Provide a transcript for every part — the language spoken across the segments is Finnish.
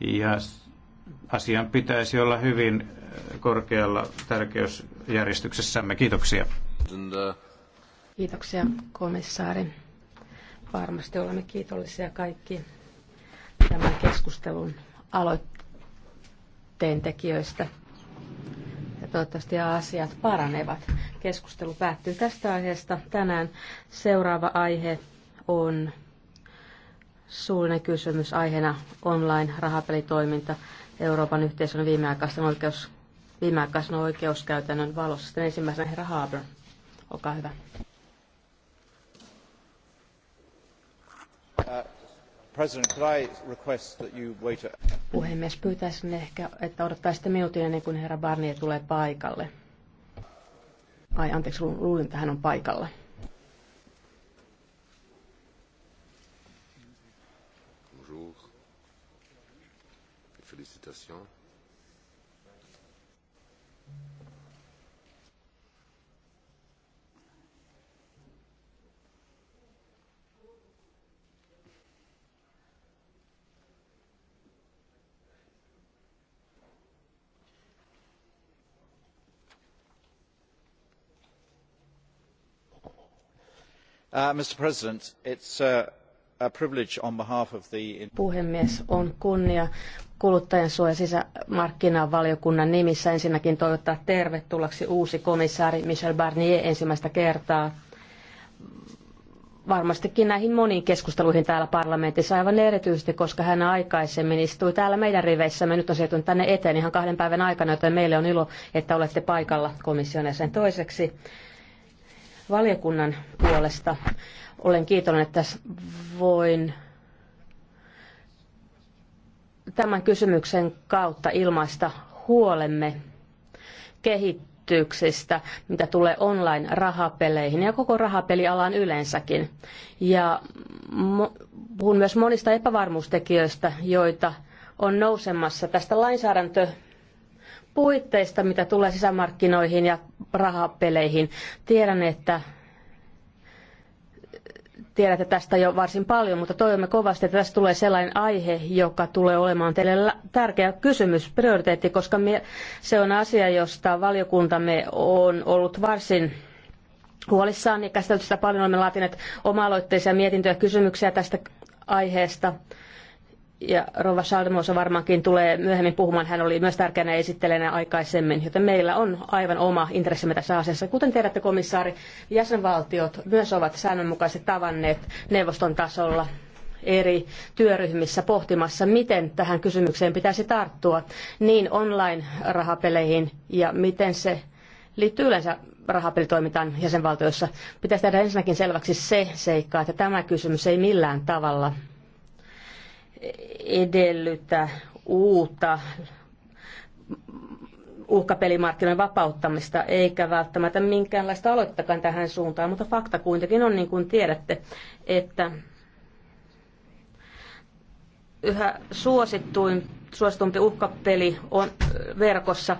Ja asian pitäisi olla hyvin korkealla tärkeysjärjestyksessämme. Kiitoksia. Kiitoksia komissaari. Varmasti olemme kiitollisia kaikki tämän keskustelun aloitteen tekijöistä. Ja toivottavasti asiat paranevat. Keskustelu päättyy tästä aiheesta tänään. Seuraava aihe on Suullinen kysymys aiheena online-rahapelitoiminta Euroopan yhteisön viimeaikaisen, oikeus, viimeaikaisen oikeuskäytännön valossa. Sitten ensimmäisenä herra Haber, olkaa hyvä. Uh, Puhemies, pyytäisin ehkä, että odottaisitte minuutin ennen kuin herra Barnier tulee paikalle. Ai anteeksi, luulin, että hän on paikalla. félicitations. Uh, mr president it is uh, Puhemies, on kunnia kuluttajansuoja sisämarkkinavaliokunnan nimissä ensinnäkin toivottaa tervetulleeksi uusi komissaari Michel Barnier ensimmäistä kertaa. Varmastikin näihin moniin keskusteluihin täällä parlamentissa aivan erityisesti, koska hän aikaisemmin istui täällä meidän riveissämme. Nyt on siirtynyt tänne eteen ihan kahden päivän aikana, joten meille on ilo, että olette paikalla komission jäsen toiseksi valiokunnan puolesta olen kiitollinen, että voin tämän kysymyksen kautta ilmaista huolemme kehityksestä, mitä tulee online-rahapeleihin ja koko rahapelialan yleensäkin. Ja puhun myös monista epävarmuustekijöistä, joita on nousemassa tästä lainsäädäntö puitteista, mitä tulee sisämarkkinoihin ja rahapeleihin. Tiedän, että Tiedätte tästä jo varsin paljon, mutta toivomme kovasti, että tästä tulee sellainen aihe, joka tulee olemaan teille tärkeä kysymys, prioriteetti, koska se on asia, josta valiokuntamme on ollut varsin huolissaan ja käsitelty sitä paljon. Olemme laatineet oma-aloitteisia mietintöjä ja kysymyksiä tästä aiheesta ja Rova Salmosa varmaankin tulee myöhemmin puhumaan, hän oli myös tärkeänä esittelijänä aikaisemmin, joten meillä on aivan oma intressimme tässä asiassa. Kuten tiedätte, komissaari, jäsenvaltiot myös ovat säännönmukaisesti tavanneet neuvoston tasolla eri työryhmissä pohtimassa, miten tähän kysymykseen pitäisi tarttua niin online-rahapeleihin ja miten se liittyy yleensä rahapelitoimintaan jäsenvaltioissa. Pitäisi tehdä ensinnäkin selväksi se seikka, että tämä kysymys ei millään tavalla edellytä uutta uhkapelimarkkinoiden vapauttamista, eikä välttämättä minkäänlaista aloittakaan tähän suuntaan, mutta fakta kuitenkin on, niin kuin tiedätte, että yhä suosittuin, suositumpi uhkapeli on verkossa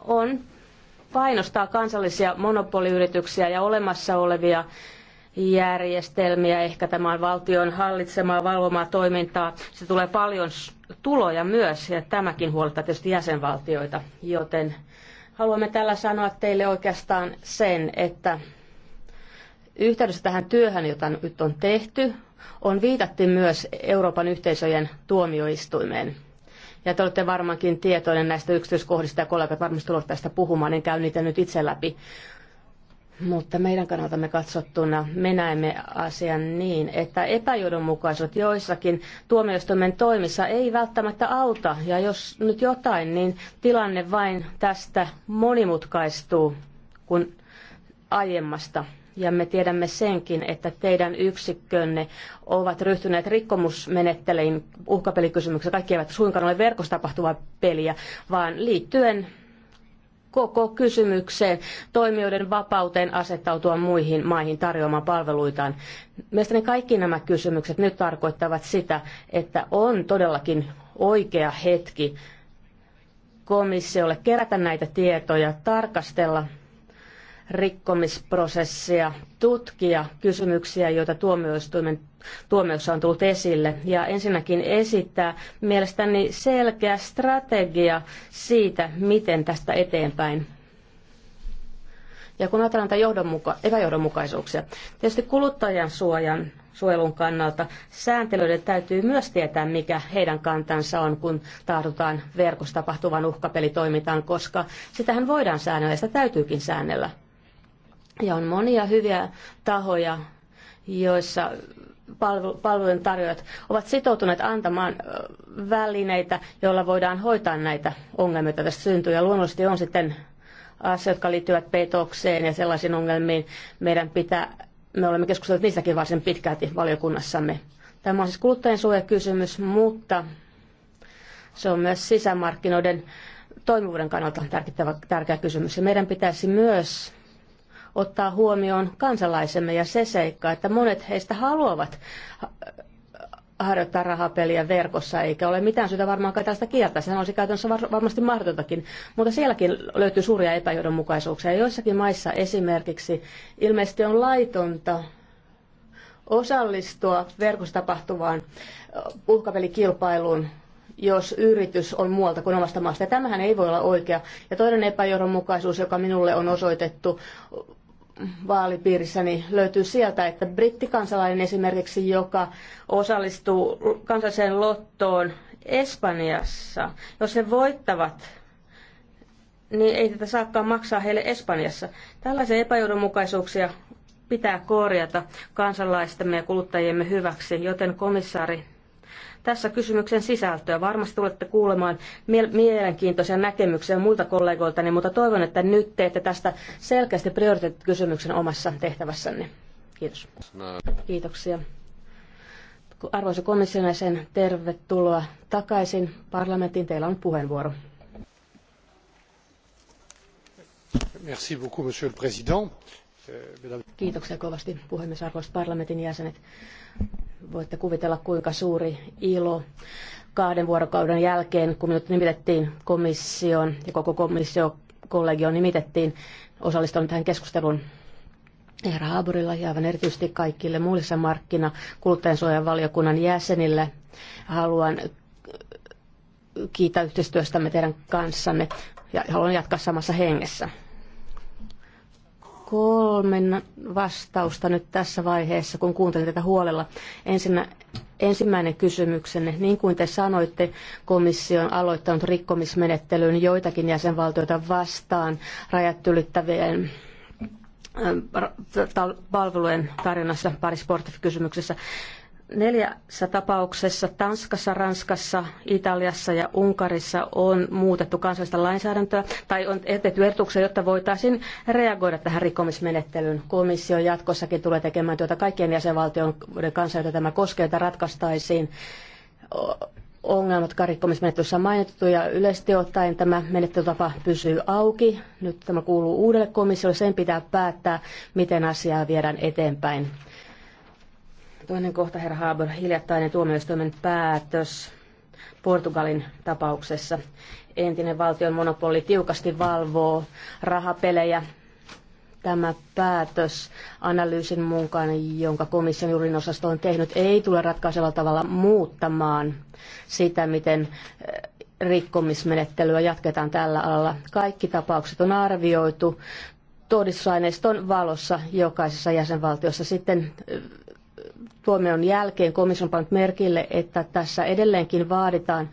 on painostaa kansallisia monopoliyrityksiä ja olemassa olevia järjestelmiä, ehkä tämä on valtion hallitsemaa valvomaa toimintaa. Se tulee paljon tuloja myös ja tämäkin huolettaa tietysti jäsenvaltioita, joten haluamme tällä sanoa teille oikeastaan sen, että yhteydessä tähän työhön, jota nyt on tehty, on viitattu myös Euroopan yhteisöjen tuomioistuimeen. Ja te olette varmaankin tietoinen näistä yksityiskohdista ja kollegat varmasti tulevat tästä puhumaan, en käyn niitä nyt itse läpi. Mutta meidän kannaltamme katsottuna me näemme asian niin, että epäjohdonmukaisuudet joissakin tuomioistuimen toimissa ei välttämättä auta. Ja jos nyt jotain, niin tilanne vain tästä monimutkaistuu kuin aiemmasta. Ja me tiedämme senkin, että teidän yksikkönne ovat ryhtyneet rikkomusmenettelyyn uhkapelikysymyksiä. Kaikki eivät suinkaan ole verkossa tapahtuvaa peliä, vaan liittyen koko kysymykseen toimijoiden vapauteen asettautua muihin maihin tarjoamaan palveluitaan. Mielestäni kaikki nämä kysymykset nyt tarkoittavat sitä, että on todellakin oikea hetki komissiolle kerätä näitä tietoja, tarkastella rikkomisprosessia tutkia kysymyksiä, joita tuomioistuimen tuomiossa on tullut esille. Ja ensinnäkin esittää mielestäni selkeä strategia siitä, miten tästä eteenpäin. Ja kun ajatellaan näitä johdonmuka- epäjohdonmukaisuuksia, tietysti kuluttajan suojan suojelun kannalta sääntelyiden täytyy myös tietää, mikä heidän kantansa on, kun tahdotaan verkossa tapahtuvan uhkapelitoimintaan, koska sitähän voidaan säännellä ja sitä täytyykin säännellä. Ja on monia hyviä tahoja, joissa palvelujen tarjoajat ovat sitoutuneet antamaan välineitä, joilla voidaan hoitaa näitä ongelmia, joita tästä syntyy. Ja luonnollisesti on sitten asioita, jotka liittyvät petokseen ja sellaisiin ongelmiin. Meidän pitää, me olemme keskustelleet niistäkin varsin pitkälti valiokunnassamme. Tämä on siis kuluttajansuojakysymys, mutta se on myös sisämarkkinoiden toimivuuden kannalta tärkeä kysymys. Ja meidän pitäisi myös ottaa huomioon kansalaisemme ja se seikka, että monet heistä haluavat harjoittaa rahapeliä verkossa, eikä ole mitään syytä kai tästä kieltä. Sehän olisi käytännössä var- varmasti mahdotontakin, mutta sielläkin löytyy suuria epäjohdonmukaisuuksia. Joissakin maissa esimerkiksi ilmeisesti on laitonta osallistua verkossa tapahtuvaan uhkapelikilpailuun jos yritys on muualta kuin omasta maasta. Ja tämähän ei voi olla oikea. Ja toinen epäjohdonmukaisuus, joka minulle on osoitettu, vaalipiirissäni löytyy sieltä, että brittikansalainen esimerkiksi, joka osallistuu kansalliseen lottoon Espanjassa, jos he voittavat, niin ei tätä saakaan maksaa heille Espanjassa. Tällaisia epäjohdonmukaisuuksia pitää korjata kansalaistemme ja kuluttajiemme hyväksi, joten komissaari tässä kysymyksen sisältöä. Varmasti tulette kuulemaan mielenkiintoisia näkemyksiä muilta kollegoilta, mutta toivon, että nyt teette tästä selkeästi prioriteettikysymyksen omassa tehtävässänne. Kiitos. Kiitoksia. Arvoisa komission jäsen, tervetuloa takaisin parlamentin Teillä on puheenvuoro. Merci beaucoup, monsieur le président. Euh, Kiitoksia kovasti puhemies arvoisat parlamentin jäsenet. Voitte kuvitella, kuinka suuri ilo kahden vuorokauden jälkeen, kun minut nimitettiin komission ja koko komissio kollegioon nimitettiin, osallistunut tähän keskusteluun Eera Haaburilla ja aivan erityisesti kaikille muille markkina kuluttajansuojan valiokunnan jäsenille. Haluan kiittää yhteistyöstämme teidän kanssanne ja haluan jatkaa samassa hengessä kolmen vastausta nyt tässä vaiheessa, kun kuuntelin tätä huolella. Ensinnä, ensimmäinen kysymyksenne. Niin kuin te sanoitte, komissio on aloittanut rikkomismenettelyn joitakin jäsenvaltioita vastaan rajat ylittävien palvelujen tarjonnassa pari kysymyksessä Neljässä tapauksessa Tanskassa, Ranskassa, Italiassa ja Unkarissa on muutettu kansallista lainsäädäntöä tai on etetty ehdotuksia, jotta voitaisiin reagoida tähän rikkomismenettelyyn. Komissio jatkossakin tulee tekemään työtä kaikkien jäsenvaltioiden kanssa, joita tämä koskee, että ratkaistaisiin ongelmat karikkomismenettelyssä on mainittu ja yleisesti ottaen tämä menettelytapa pysyy auki. Nyt tämä kuuluu uudelle komissiolle, sen pitää päättää, miten asiaa viedään eteenpäin. Toinen kohta, herra Haber, hiljattainen tuomioistuimen päätös Portugalin tapauksessa. Entinen valtion monopoli tiukasti valvoo rahapelejä. Tämä päätös analyysin mukaan, jonka komission juurin osasto on tehnyt, ei tule ratkaisevalla tavalla muuttamaan sitä, miten eh, rikkomismenettelyä jatketaan tällä alalla. Kaikki tapaukset on arvioitu todistusaineiston valossa jokaisessa jäsenvaltiossa. Sitten eh, tuomion jälkeen komissio on pannut merkille, että tässä edelleenkin vaaditaan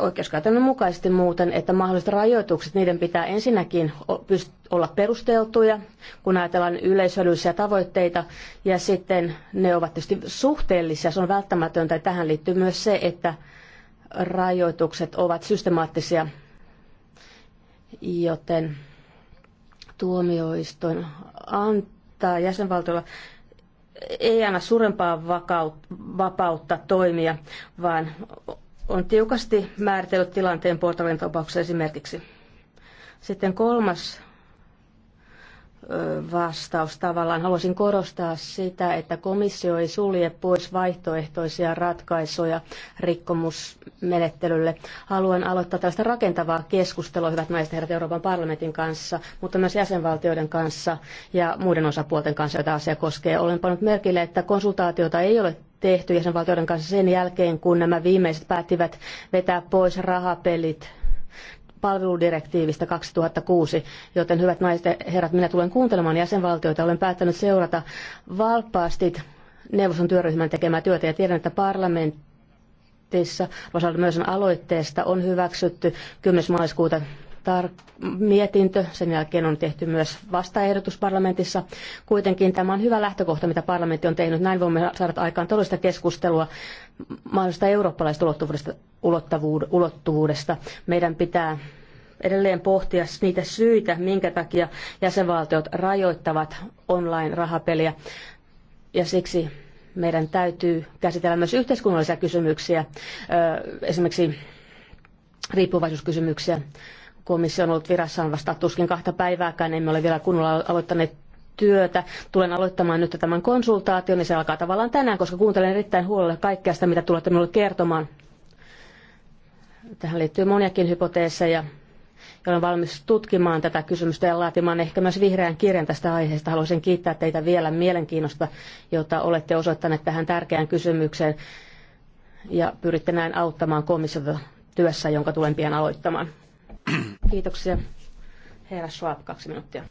oikeuskäytännön mukaisesti muuten, että mahdolliset rajoitukset, niiden pitää ensinnäkin olla perusteltuja, kun ajatellaan yleisöllisiä tavoitteita, ja sitten ne ovat tietysti suhteellisia, se on välttämätöntä, ja tähän liittyy myös se, että rajoitukset ovat systemaattisia, joten tuomioistuin antaa jäsenvaltiolla ei anna suurempaa vapautta toimia, vaan on tiukasti määritellyt tilanteen portalin tapauksessa esimerkiksi. Sitten kolmas vastaus tavallaan. Haluaisin korostaa sitä, että komissio ei sulje pois vaihtoehtoisia ratkaisuja rikkomusmenettelylle. Haluan aloittaa tällaista rakentavaa keskustelua, hyvät naiset herrat, Euroopan parlamentin kanssa, mutta myös jäsenvaltioiden kanssa ja muiden osapuolten kanssa, joita asia koskee. Olen pannut merkille, että konsultaatiota ei ole tehty jäsenvaltioiden kanssa sen jälkeen, kun nämä viimeiset päättivät vetää pois rahapelit palveludirektiivistä 2006, joten hyvät naiset ja herrat, minä tulen kuuntelemaan jäsenvaltioita. Olen päättänyt seurata valppaasti neuvoston työryhmän tekemää työtä ja tiedän, että parlamentti Rosalmösen aloitteesta on hyväksytty 10. maaliskuuta tar- mietintö. Sen jälkeen on tehty myös vastaehdotus parlamentissa. Kuitenkin tämä on hyvä lähtökohta, mitä parlamentti on tehnyt. Näin voimme saada aikaan todellista keskustelua mahdollisesta eurooppalaisesta ulottuvuudesta, ulottuvuudesta. Meidän pitää edelleen pohtia niitä syitä, minkä takia jäsenvaltiot rajoittavat online-rahapeliä. Ja siksi meidän täytyy käsitellä myös yhteiskunnallisia kysymyksiä, esimerkiksi riippuvaisuuskysymyksiä komissio on ollut virassaan vasta tuskin kahta päivääkään, emme ole vielä kunnolla aloittaneet työtä. Tulen aloittamaan nyt tämän konsultaation ja se alkaa tavallaan tänään, koska kuuntelen erittäin huolella kaikkea sitä, mitä tulette minulle kertomaan. Tähän liittyy moniakin hypoteeseja ja olen valmis tutkimaan tätä kysymystä ja laatimaan ehkä myös vihreän kirjan tästä aiheesta. Haluaisin kiittää teitä vielä mielenkiinnosta, jota olette osoittaneet tähän tärkeään kysymykseen ja pyritte näin auttamaan komissiota työssä, jonka tulen pian aloittamaan. Kiitoksia. Herra Schwab, kaksi minuuttia.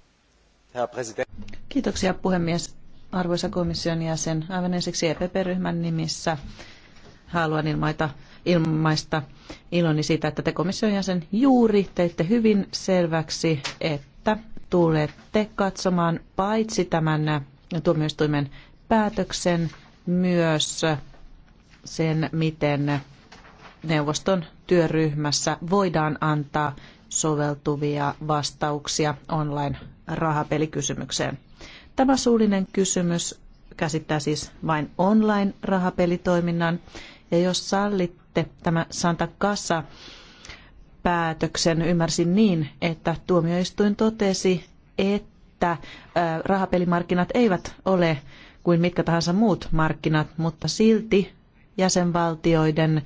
Kiitoksia puhemies. Arvoisa komission jäsen, aivan ensiksi EPP-ryhmän nimissä haluan ilmaita, ilmaista iloni siitä, että te komission jäsen juuri teitte hyvin selväksi, että tulette katsomaan paitsi tämän tuomioistuimen päätöksen, myös sen, miten neuvoston työryhmässä voidaan antaa soveltuvia vastauksia online-rahapelikysymykseen. Tämä suullinen kysymys käsittää siis vain online-rahapelitoiminnan. Ja jos sallitte tämä Santa kassa päätöksen, ymmärsin niin, että tuomioistuin totesi, että rahapelimarkkinat eivät ole kuin mitkä tahansa muut markkinat, mutta silti jäsenvaltioiden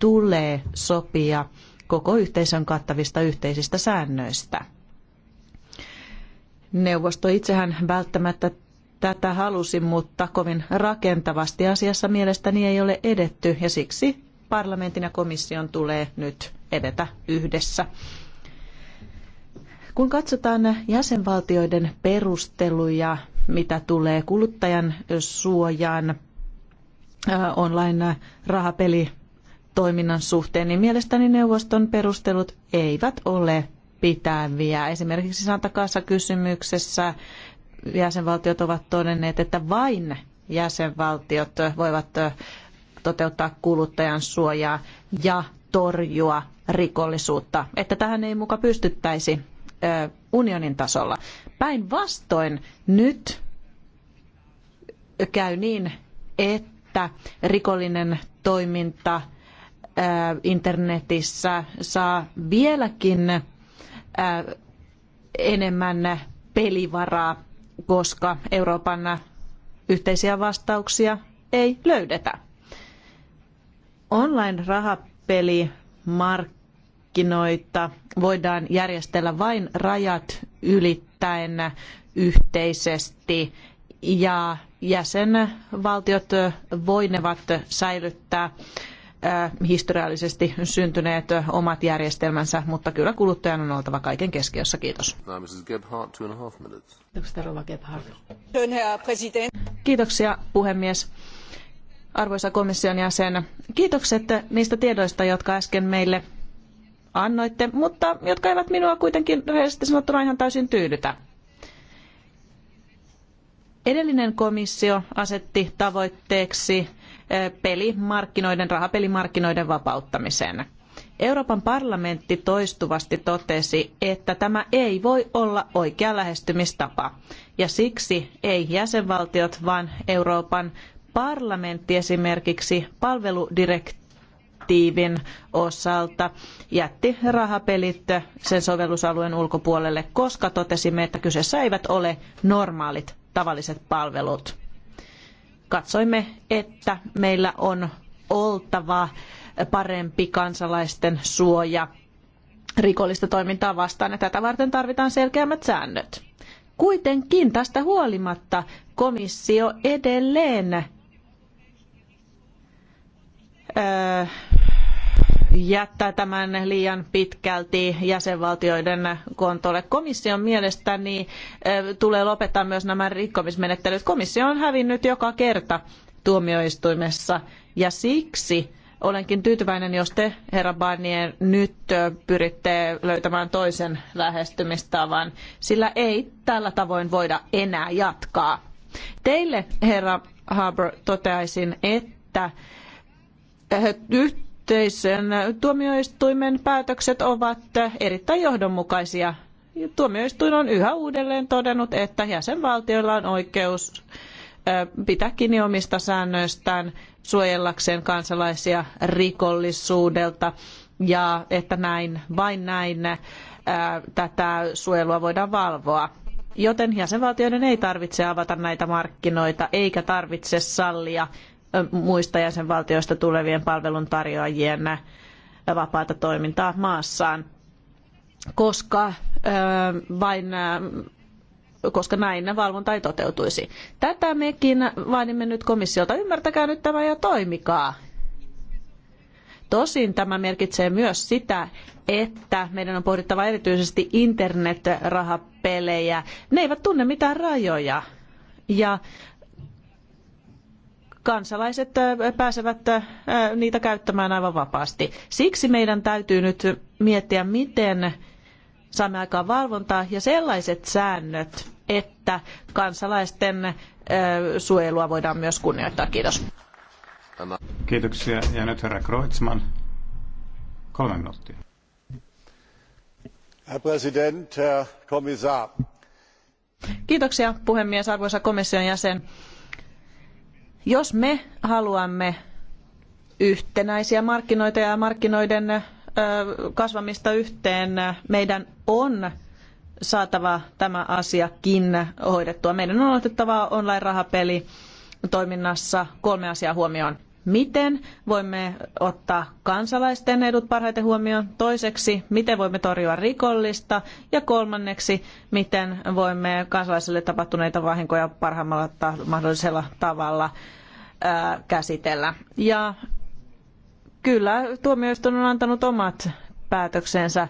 tulee sopia koko yhteisön kattavista yhteisistä säännöistä. Neuvosto itsehän välttämättä tätä halusi, mutta kovin rakentavasti asiassa mielestäni ei ole edetty ja siksi parlamentin ja komission tulee nyt edetä yhdessä. Kun katsotaan jäsenvaltioiden perusteluja, mitä tulee kuluttajan suojaan äh, online rahapeli toiminnan suhteen, niin mielestäni neuvoston perustelut eivät ole pitäviä. Esimerkiksi Santakaassa kysymyksessä jäsenvaltiot ovat todenneet, että vain jäsenvaltiot voivat toteuttaa kuluttajan suojaa ja torjua rikollisuutta, että tähän ei muka pystyttäisi unionin tasolla. Päinvastoin nyt käy niin, että rikollinen toiminta – Äh, internetissä saa vieläkin äh, enemmän pelivaraa, koska Euroopan yhteisiä vastauksia ei löydetä. Online-rahapelimarkkinoita voidaan järjestellä vain rajat ylittäen yhteisesti ja jäsenvaltiot voinevat säilyttää Äh, historiallisesti syntyneet omat järjestelmänsä, mutta kyllä kuluttajan on oltava kaiken keskiössä. Kiitos. Kiitoksia puhemies. Arvoisa komission jäsen, kiitokset niistä tiedoista, jotka äsken meille annoitte, mutta jotka eivät minua kuitenkin rehellisesti sanottuna ihan täysin tyydytä. Edellinen komissio asetti tavoitteeksi pelimarkkinoiden, rahapelimarkkinoiden vapauttamiseen. Euroopan parlamentti toistuvasti totesi, että tämä ei voi olla oikea lähestymistapa. Ja siksi ei jäsenvaltiot, vaan Euroopan parlamentti esimerkiksi palveludirektiivin osalta jätti rahapelit sen sovellusalueen ulkopuolelle, koska totesimme, että kyseessä eivät ole normaalit tavalliset palvelut katsoimme, että meillä on oltava parempi kansalaisten suoja rikollista toimintaa vastaan ja tätä varten tarvitaan selkeämmät säännöt. Kuitenkin tästä huolimatta komissio edelleen öö, jättää tämän liian pitkälti jäsenvaltioiden kontolle. Komission mielestäni eh, tulee lopettaa myös nämä rikkomismenettelyt. Komissio on hävinnyt joka kerta tuomioistuimessa ja siksi olenkin tyytyväinen, jos te, herra Barnier, nyt eh, pyritte löytämään toisen lähestymistavan, sillä ei tällä tavoin voida enää jatkaa. Teille, herra Harbour, toteaisin, että eh, yhteisen tuomioistuimen päätökset ovat erittäin johdonmukaisia. Tuomioistuin on yhä uudelleen todennut, että jäsenvaltioilla on oikeus pitää kiinni omista säännöistään suojellakseen kansalaisia rikollisuudelta ja että näin, vain näin tätä suojelua voidaan valvoa. Joten jäsenvaltioiden ei tarvitse avata näitä markkinoita eikä tarvitse sallia muista jäsenvaltioista tulevien palveluntarjoajien vapaata toimintaa maassaan, koska vain koska näin valvonta ei toteutuisi. Tätä mekin vaadimme nyt komissiolta. Ymmärtäkää nyt tämä ja toimikaa. Tosin tämä merkitsee myös sitä, että meidän on pohdittava erityisesti internet-rahapelejä. Ne eivät tunne mitään rajoja. Ja kansalaiset pääsevät niitä käyttämään aivan vapaasti. Siksi meidän täytyy nyt miettiä, miten saamme aikaan valvontaa ja sellaiset säännöt, että kansalaisten suojelua voidaan myös kunnioittaa. Kiitos. Kiitoksia. Ja nyt herra Kreutzmann. Kolme minuuttia. Herr Präsident, Herr Kommissar. Kiitoksia puhemies, arvoisa komission jäsen jos me haluamme yhtenäisiä markkinoita ja markkinoiden kasvamista yhteen, meidän on saatava tämä asiakin hoidettua. Meidän on otettava online-rahapeli toiminnassa kolme asiaa huomioon miten voimme ottaa kansalaisten edut parhaiten huomioon, toiseksi, miten voimme torjua rikollista ja kolmanneksi, miten voimme kansalaisille tapahtuneita vahinkoja parhaimmalla mahdollisella tavalla käsitellä. Ja kyllä tuomioistuin on antanut omat päätöksensä.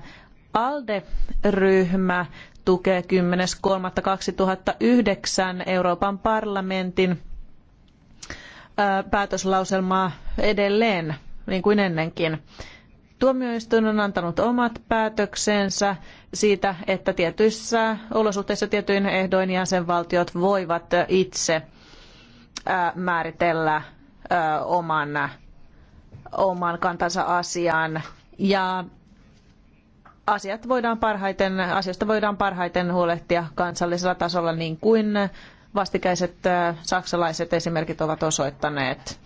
ALDE-ryhmä tukee 10.3.2009 Euroopan parlamentin päätöslauselmaa edelleen, niin kuin ennenkin. Tuomioistuin on antanut omat päätöksensä siitä, että tietyissä olosuhteissa tietyin ehdoin jäsenvaltiot voivat itse määritellä oman, oman kantansa asiaan. Ja asiat voidaan parhaiten, asiasta voidaan parhaiten huolehtia kansallisella tasolla niin kuin vastikäiset saksalaiset esimerkit ovat osoittaneet.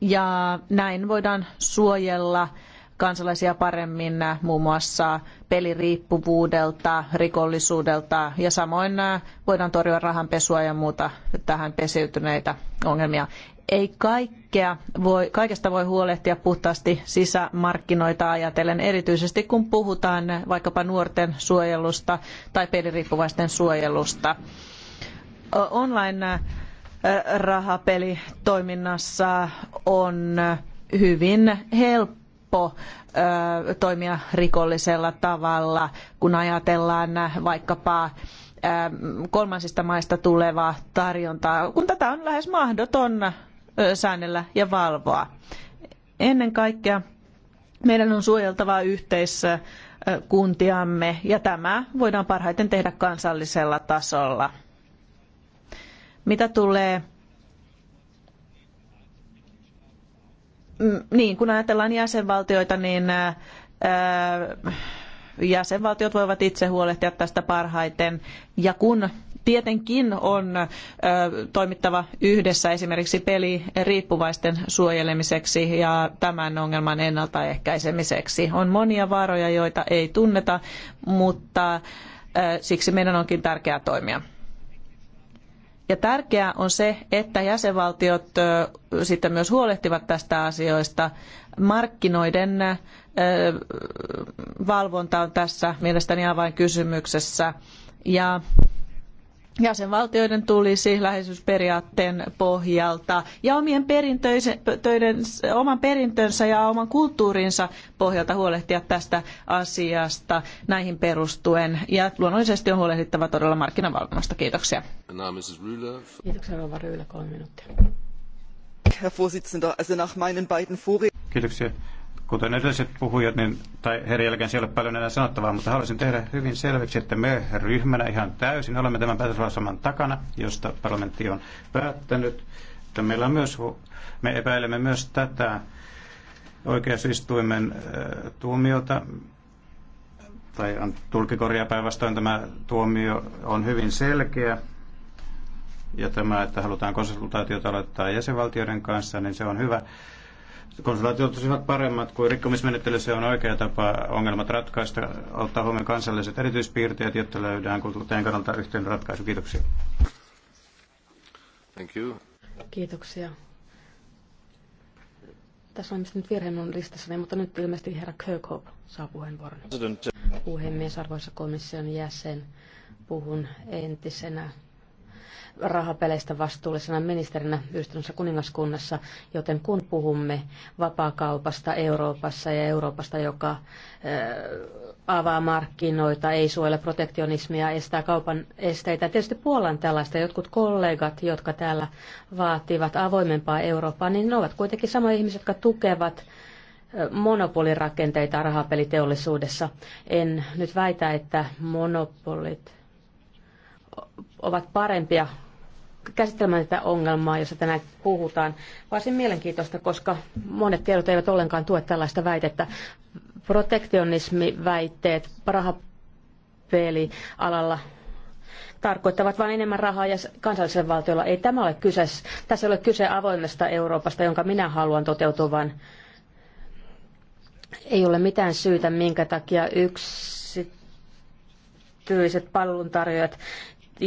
Ja näin voidaan suojella kansalaisia paremmin muun muassa peliriippuvuudelta, rikollisuudelta ja samoin voidaan torjua rahanpesua ja muuta tähän pesiytyneitä ongelmia. Ei kaikkea voi, kaikesta voi huolehtia puhtaasti sisämarkkinoita ajatellen, erityisesti kun puhutaan vaikkapa nuorten suojelusta tai peliriippuvaisten suojelusta online äh, rahapelitoiminnassa on hyvin helppo äh, toimia rikollisella tavalla, kun ajatellaan vaikkapa ähm, kolmansista maista tulevaa tarjontaa, kun tätä on lähes mahdoton äh, säännellä ja valvoa. Ennen kaikkea meidän on suojeltava yhteiskuntiamme ja tämä voidaan parhaiten tehdä kansallisella tasolla. Mitä tulee mm, niin, kun ajatellaan jäsenvaltioita, niin äh, äh, jäsenvaltiot voivat itse huolehtia tästä parhaiten. Ja kun tietenkin on äh, toimittava yhdessä esimerkiksi peli riippuvaisten suojelemiseksi ja tämän ongelman ennaltaehkäisemiseksi. On monia vaaroja, joita ei tunneta, mutta siksi meidän onkin tärkeää toimia. Ja tärkeää on se, että jäsenvaltiot sitten myös huolehtivat tästä asioista. Markkinoiden valvonta on tässä mielestäni avainkysymyksessä. Ja jäsenvaltioiden tulisi läheisyysperiaatteen pohjalta ja omien oman perintönsä ja oman kulttuurinsa pohjalta huolehtia tästä asiasta näihin perustuen. Ja luonnollisesti on huolehdittava todella markkinavalvonnasta. Kiitoksia. Kiitoksia, Rova Ryylä, kolme minuuttia. Herr Vorsitzender, also nach meinen beiden Kiitoksia. Kuten edelliset puhujat, niin, tai heidän jälkeen ei ole paljon enää sanottavaa, mutta haluaisin tehdä hyvin selväksi, että me ryhmänä ihan täysin olemme tämän päätöslauselman takana, josta parlamentti on päättänyt. Että meillä on myös, me epäilemme myös tätä oikeusistuimen äh, tuomiota, tai tulkikorjaa päinvastoin tämä tuomio on hyvin selkeä. Ja tämä, että halutaan konsultaatiota aloittaa jäsenvaltioiden kanssa, niin se on hyvä. Konsulaatiot olisivat paremmat kuin rikkomismenettely. Se on oikea tapa ongelmat ratkaista, ottaa huomioon kansalliset erityispiirteet, jotta löydään kulttuurien kannalta yhteen ratkaisu. Kiitoksia. Thank you. Kiitoksia. Tässä on nyt virhe minun listassani, mutta nyt ilmeisesti herra Kirkhope saa puheenvuoron. Puhemies, arvoisa komission jäsen, puhun entisenä rahapeleistä vastuullisena ministerinä yhdistyneessä kuningaskunnassa, joten kun puhumme vapaakaupasta Euroopassa ja Euroopasta, joka äh, avaa markkinoita, ei suojele protektionismia, estää kaupan esteitä. Tietysti Puolan tällaista. Jotkut kollegat, jotka täällä vaativat avoimempaa Eurooppaa, niin ne ovat kuitenkin samoja ihmisiä, jotka tukevat äh, monopolirakenteita rahapeliteollisuudessa. En nyt väitä, että monopolit ovat parempia käsittelemään tätä ongelmaa, jossa tänään puhutaan. Varsin mielenkiintoista, koska monet tiedot eivät ollenkaan tue tällaista väitettä. Protektionismiväitteet alalla tarkoittavat vain enemmän rahaa ja kansallisella valtiolla ei tämä ole kyse. Tässä ei ole kyse avoimesta Euroopasta, jonka minä haluan toteutuvan. Ei ole mitään syytä, minkä takia yksi yksityiset palveluntarjoajat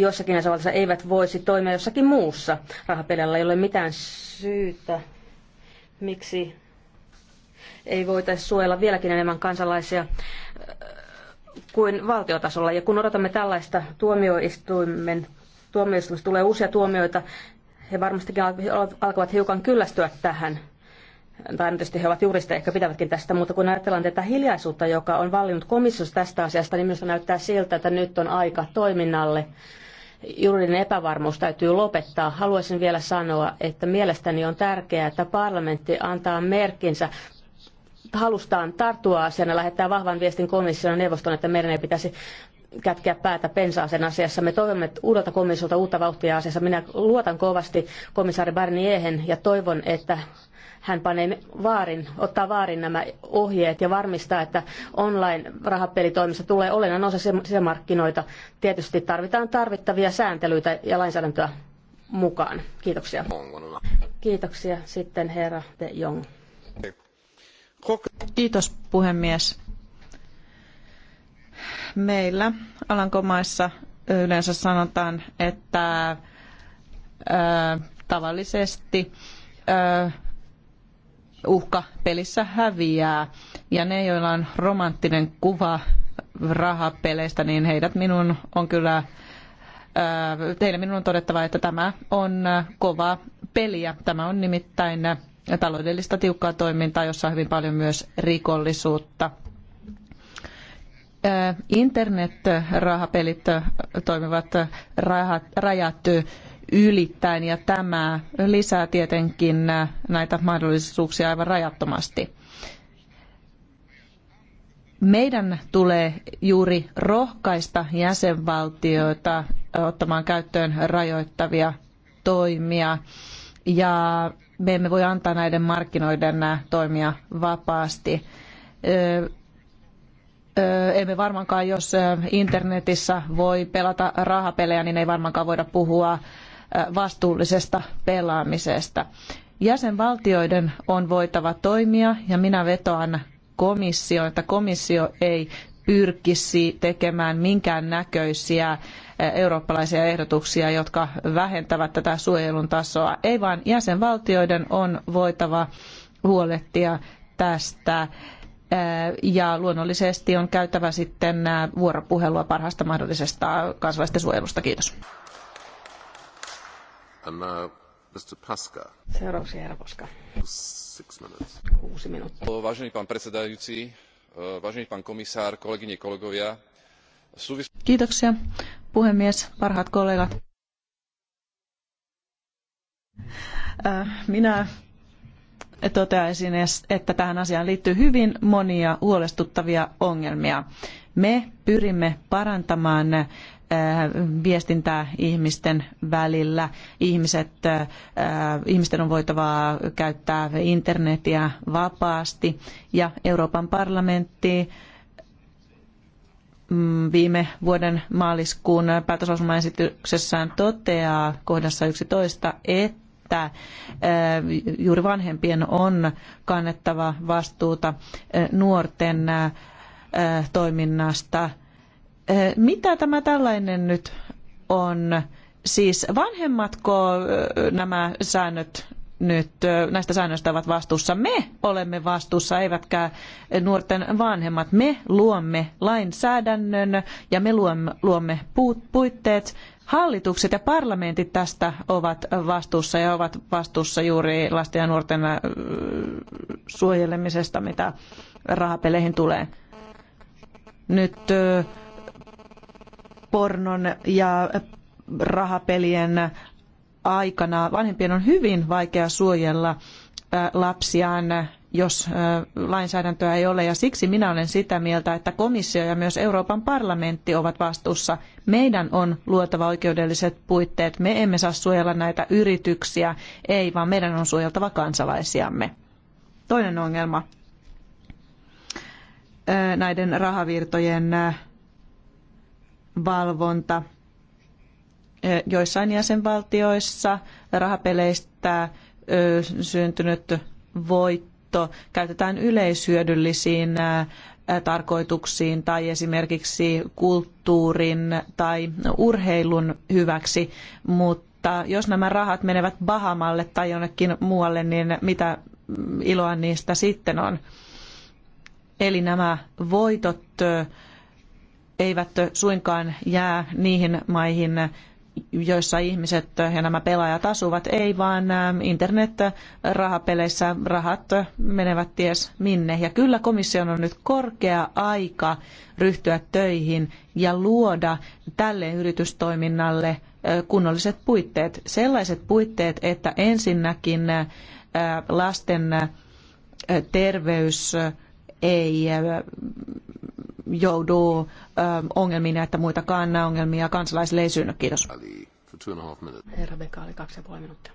jossakin jäsenvaltiossa eivät voisi toimia jossakin muussa rahapelillä, ei ole mitään syytä, miksi ei voitaisi suojella vieläkin enemmän kansalaisia äh, kuin valtiotasolla. Ja kun odotamme tällaista tuomioistuimen, tuomioistuimessa tulee uusia tuomioita, he varmastikin alkavat hiukan kyllästyä tähän. Tai tietysti he ovat juristeja, ehkä pitävätkin tästä, mutta kun ajatellaan tätä hiljaisuutta, joka on vallinnut komissiossa tästä asiasta, niin minusta näyttää siltä, että nyt on aika toiminnalle juridinen epävarmuus täytyy lopettaa. Haluaisin vielä sanoa, että mielestäni on tärkeää, että parlamentti antaa merkkinsä halustaan tarttua asiaan ja lähettää vahvan viestin komission ja neuvoston, että meidän ei pitäisi kätkeä päätä pensaaseen asiassa. Me toivomme uudelta komissiolta uutta vauhtia asiassa. Minä luotan kovasti komissaari Barnierhen ja toivon, että hän panee vaarin, ottaa vaarin nämä ohjeet ja varmistaa, että online rahapelitoimissa tulee olennainen osa sisämarkkinoita. Tietysti tarvitaan tarvittavia sääntelyitä ja lainsäädäntöä mukaan. Kiitoksia. Kiitoksia. Sitten herra De Jong. Kiitos puhemies. Meillä Alankomaissa yleensä sanotaan, että tavallisesti uhka pelissä häviää. Ja ne, joilla on romanttinen kuva rahapeleistä, niin heidät minun on kyllä äh, teille minun on todettava, että tämä on äh, kova peliä. Tämä on nimittäin äh, taloudellista tiukkaa toimintaa, jossa on hyvin paljon myös rikollisuutta. Internet-rahapelit toimivat rajat ylittäen ja tämä lisää tietenkin näitä mahdollisuuksia aivan rajattomasti. Meidän tulee juuri rohkaista jäsenvaltioita ottamaan käyttöön rajoittavia toimia ja me emme voi antaa näiden markkinoiden toimia vapaasti emme varmaankaan, jos internetissä voi pelata rahapelejä, niin ei varmaankaan voida puhua vastuullisesta pelaamisesta. Jäsenvaltioiden on voitava toimia ja minä vetoan komissioon, että komissio ei pyrkisi tekemään minkään näköisiä eurooppalaisia ehdotuksia, jotka vähentävät tätä suojelun tasoa. Ei vaan jäsenvaltioiden on voitava huolehtia tästä ja luonnollisesti on käytävä sitten vuoropuhelua parhaasta mahdollisesta kansalaisten suojelusta. Kiitos vážený pán predsedajúci vážený pán komisár kolegyne kolegovia Kiitoksia, puhemies, parhaat kollegat. Minä toteaisin, että tähän asiaan liittyy hyvin monia huolestuttavia ongelmia. Me pyrimme parantamaan Äh, viestintää ihmisten välillä. Ihmiset, äh, ihmisten on voitava käyttää internetiä vapaasti ja Euroopan parlamentti mm, viime vuoden maaliskuun päätöslausumaesityksessään toteaa kohdassa 11, että että äh, juuri vanhempien on kannettava vastuuta nuorten toiminnasta mitä tämä tällainen nyt on? Siis vanhemmatko nämä säännöt nyt näistä säännöistä ovat vastuussa. Me olemme vastuussa, eivätkä nuorten vanhemmat. Me luomme lainsäädännön ja me luomme luomme puitteet. Hallitukset ja parlamentit tästä ovat vastuussa ja ovat vastuussa juuri lasten ja nuorten suojelemisesta, mitä rahapeleihin tulee. Nyt pornon ja rahapelien aikana vanhempien on hyvin vaikea suojella lapsiaan, jos lainsäädäntöä ei ole. Ja siksi minä olen sitä mieltä, että komissio ja myös Euroopan parlamentti ovat vastuussa. Meidän on luotava oikeudelliset puitteet. Me emme saa suojella näitä yrityksiä, ei, vaan meidän on suojeltava kansalaisiamme. Toinen ongelma näiden rahavirtojen valvonta. E, joissain jäsenvaltioissa rahapeleistä syntynyt voitto käytetään yleishyödyllisiin tarkoituksiin tai esimerkiksi kulttuurin tai urheilun hyväksi, mutta jos nämä rahat menevät Bahamalle tai jonnekin muualle, niin mitä iloa niistä sitten on? Eli nämä voitot eivät suinkaan jää niihin maihin, joissa ihmiset ja nämä pelaajat asuvat, ei vaan ähm, internet-rahapeleissä rahat menevät ties minne. Ja kyllä komission on nyt korkea aika ryhtyä töihin ja luoda tälle yritystoiminnalle äh, kunnolliset puitteet. Sellaiset puitteet, että ensinnäkin äh, lasten äh, terveys ei joudu ähm, ongelmiin että muita kannaongelmia kansalaisille ei synny. Kiitos. Herra Bekaali, kaksi ja puoli minuuttia.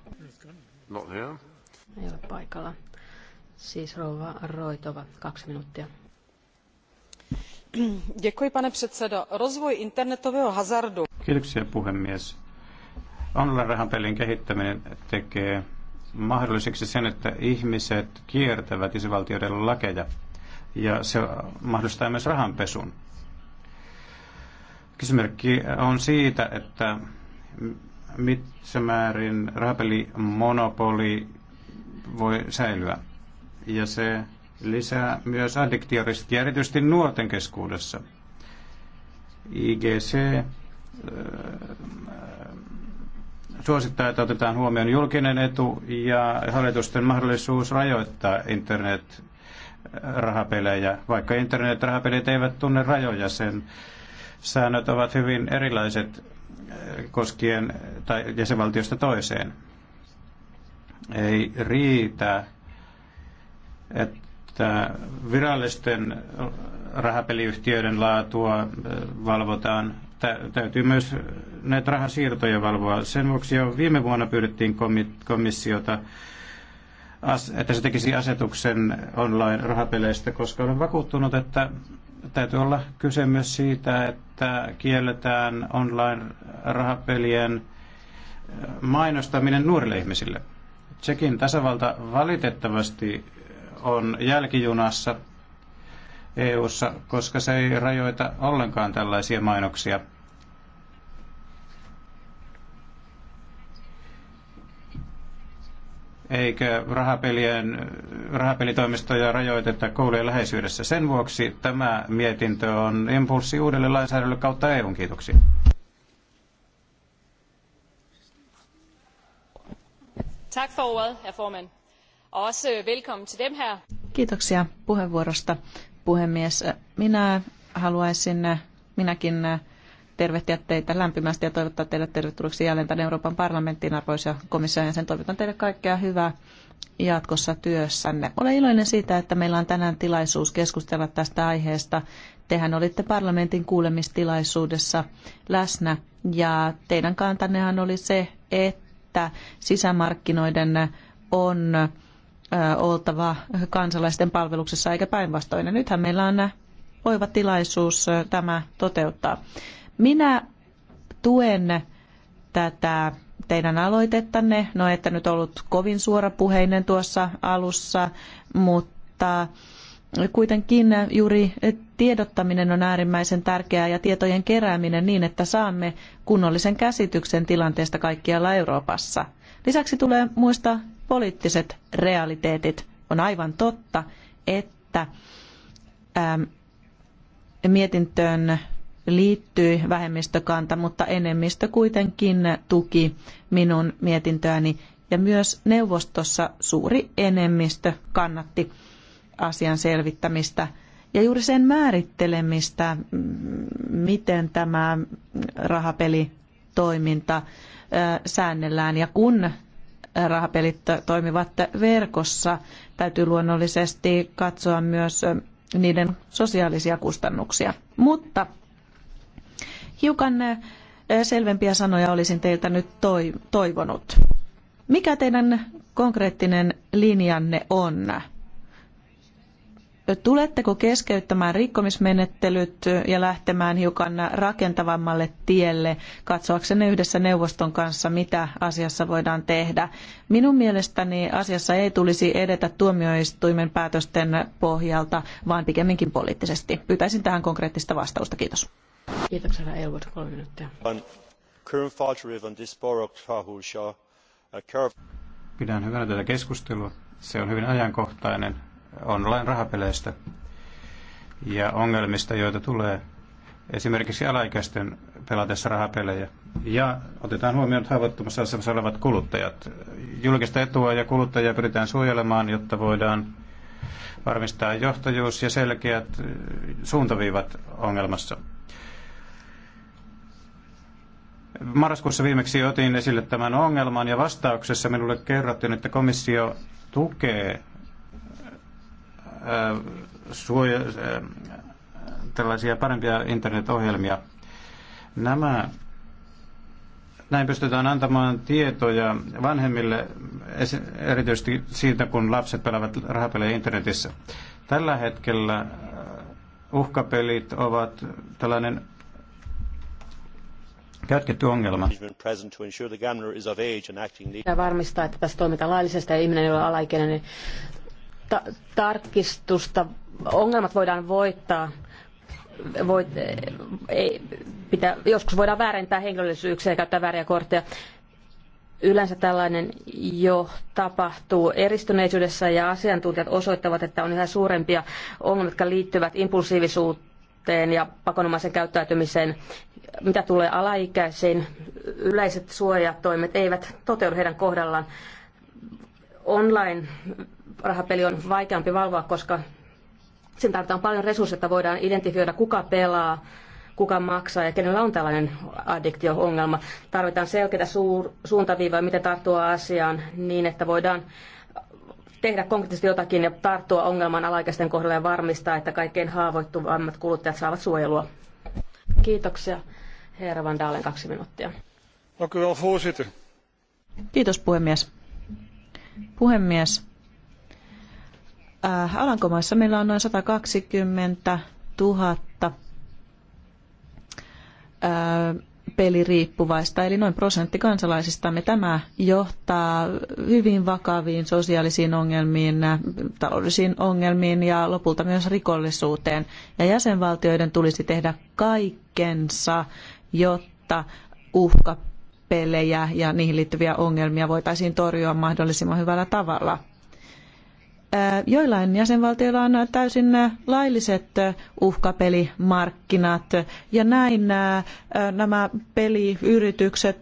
Not here. Ei ole paikalla. Siis rouva Roitova, kaksi minuuttia. Děkuji, pane předsedo. Rozvoj internetového hazardu. Kiitoksia, puhemies. online rahapelin kehittäminen tekee mahdolliseksi sen, että ihmiset kiertävät isävaltioiden lakeja ja se mahdollistaa myös rahanpesun. Kysymerkki on siitä, että missä määrin rahapelimonopoli voi säilyä. Ja se lisää myös addiktioriskiä, erityisesti nuorten keskuudessa. IGC suosittaa, että otetaan huomioon julkinen etu ja hallitusten mahdollisuus rajoittaa internet rahapelejä, vaikka internet-rahapelit eivät tunne rajoja, sen säännöt ovat hyvin erilaiset eh, koskien tai jäsenvaltiosta toiseen. Ei riitä, että virallisten rahapeliyhtiöiden laatua eh, valvotaan. Täytyy myös näitä rahasiirtoja valvoa. Sen vuoksi jo viime vuonna pyydettiin komissiota että se tekisi asetuksen online-rahapeleistä, koska olen vakuuttunut, että täytyy olla kyse myös siitä, että kielletään online-rahapelien äh, mainostaminen nuorille ihmisille. Tsekin tasavalta valitettavasti on jälkijunassa EU:ssa, koska se ei rajoita ollenkaan tällaisia mainoksia – eikä rahapelien, rahapelitoimistoja rajoiteta koulujen läheisyydessä. Sen vuoksi tämä mietintö on impulssi uudelle lainsäädännölle kautta EUn. Kiitoksia. Tak for ordet, herr formand. også velkommen til dem her. Kiitoksia puheenvuorosta, puhemies. Minä haluaisin minäkin tervehtiä teitä lämpimästi ja toivottaa teille tervetulleeksi jälleen tänne Euroopan parlamenttiin arvoisia komission ja sen toivotan teille kaikkea hyvää jatkossa työssänne. Olen iloinen siitä, että meillä on tänään tilaisuus keskustella tästä aiheesta. Tehän olitte parlamentin kuulemistilaisuudessa läsnä ja teidän kantannehan oli se, että sisämarkkinoiden on oltava kansalaisten palveluksessa eikä päinvastoin. Ja nythän meillä on oiva tilaisuus tämä toteuttaa. Minä tuen tätä teidän aloitettanne. No, että nyt ollut kovin suorapuheinen tuossa alussa, mutta kuitenkin juuri tiedottaminen on äärimmäisen tärkeää ja tietojen kerääminen niin, että saamme kunnollisen käsityksen tilanteesta kaikkialla Euroopassa. Lisäksi tulee muistaa poliittiset realiteetit. On aivan totta, että ähm, mietintöön liittyi vähemmistökanta, mutta enemmistö kuitenkin tuki minun mietintöäni ja myös neuvostossa suuri enemmistö kannatti asian selvittämistä ja juuri sen määrittelemistä, miten tämä rahapelitoiminta säännellään ja kun rahapelit toimivat verkossa, täytyy luonnollisesti katsoa myös niiden sosiaalisia kustannuksia. Mutta Hiukan eh, selvempiä sanoja olisin teiltä nyt toivonut. Mikä teidän konkreettinen linjanne on? Tuletteko keskeyttämään rikkomismenettelyt ja lähtemään hiukan rakentavammalle tielle, katsoaksenne yhdessä neuvoston kanssa, mitä asiassa voidaan tehdä? Minun mielestäni asiassa ei tulisi edetä tuomioistuimen päätösten pohjalta, vaan pikemminkin poliittisesti. Pyytäisin tähän konkreettista vastausta. Kiitos. Kiitoksia, Elwood. Kolme minuuttia. Pidän hyvänä tätä keskustelua. Se on hyvin ajankohtainen online-rahapeleistä ja ongelmista, joita tulee esimerkiksi alaikäisten pelatessa rahapelejä. Ja otetaan huomioon haavoittumassa asemassa olevat kuluttajat. Julkista etua ja kuluttajia pyritään suojelemaan, jotta voidaan varmistaa johtajuus ja selkeät suuntaviivat ongelmassa. Marraskuussa viimeksi otin esille tämän ongelman ja vastauksessa minulle kerrottiin, että komissio tukee suoja, tällaisia parempia internetohjelmia. Nämä, näin pystytään antamaan tietoja vanhemmille, erityisesti siitä, kun lapset pelaavat rahapelejä internetissä. Tällä hetkellä uhkapelit ovat tällainen kätketty ongelma. Ja varmistaa, että tässä toimitaan laillisesti ja ihminen, jolla on alaikäinen, niin ta- tarkistusta, ongelmat voidaan voittaa, voit, eh, ei, pitää, joskus voidaan väärentää henkilöllisyyksiä ja käyttää vääriä kortteja. Yleensä tällainen jo tapahtuu eristyneisyydessä ja asiantuntijat osoittavat, että on yhä suurempia ongelmia, jotka liittyvät impulsiivisuuteen ja pakonomaisen käyttäytymiseen. Mitä tulee alaikäisiin, yleiset suojatoimet eivät toteudu heidän kohdallaan. Online rahapeli on vaikeampi valvoa, koska sen tarvitaan paljon resursseja, että voidaan identifioida, kuka pelaa, kuka maksaa ja kenellä on tällainen addiktio-ongelma. Tarvitaan selkeitä suur- suuntaviivoja, miten tarttua asiaan niin, että voidaan tehdä konkreettisesti jotakin ja tarttua ongelman alaikäisten kohdalla ja varmistaa, että kaikkein haavoittuvammat kuluttajat saavat suojelua. Kiitoksia. Herra Van Dalen, kaksi minuuttia. Kiitos puhemies. Puhemies, Äh, Alankomaissa meillä on noin 120 000 äh, peliriippuvaista, eli noin prosentti kansalaisistamme. Tämä johtaa hyvin vakaviin sosiaalisiin ongelmiin, äh, taloudellisiin ongelmiin ja lopulta myös rikollisuuteen. Ja jäsenvaltioiden tulisi tehdä kaikkensa, jotta uhkapelejä ja niihin liittyviä ongelmia voitaisiin torjua mahdollisimman hyvällä tavalla joillain jäsenvaltioilla on täysin lailliset uhkapelimarkkinat ja näin nämä peliyritykset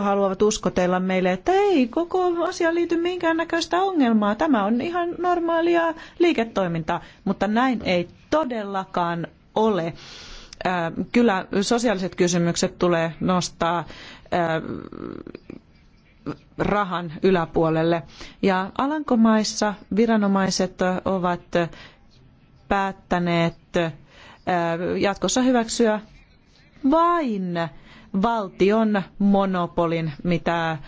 haluavat uskotella meille, että ei koko asia liity minkäännäköistä ongelmaa. Tämä on ihan normaalia liiketoimintaa, mutta näin ei todellakaan ole. Kyllä sosiaaliset kysymykset tulee nostaa rahan yläpuolelle. Ja Alankomaissa viranomaiset ovat päättäneet jatkossa hyväksyä vain valtion monopolin, mitä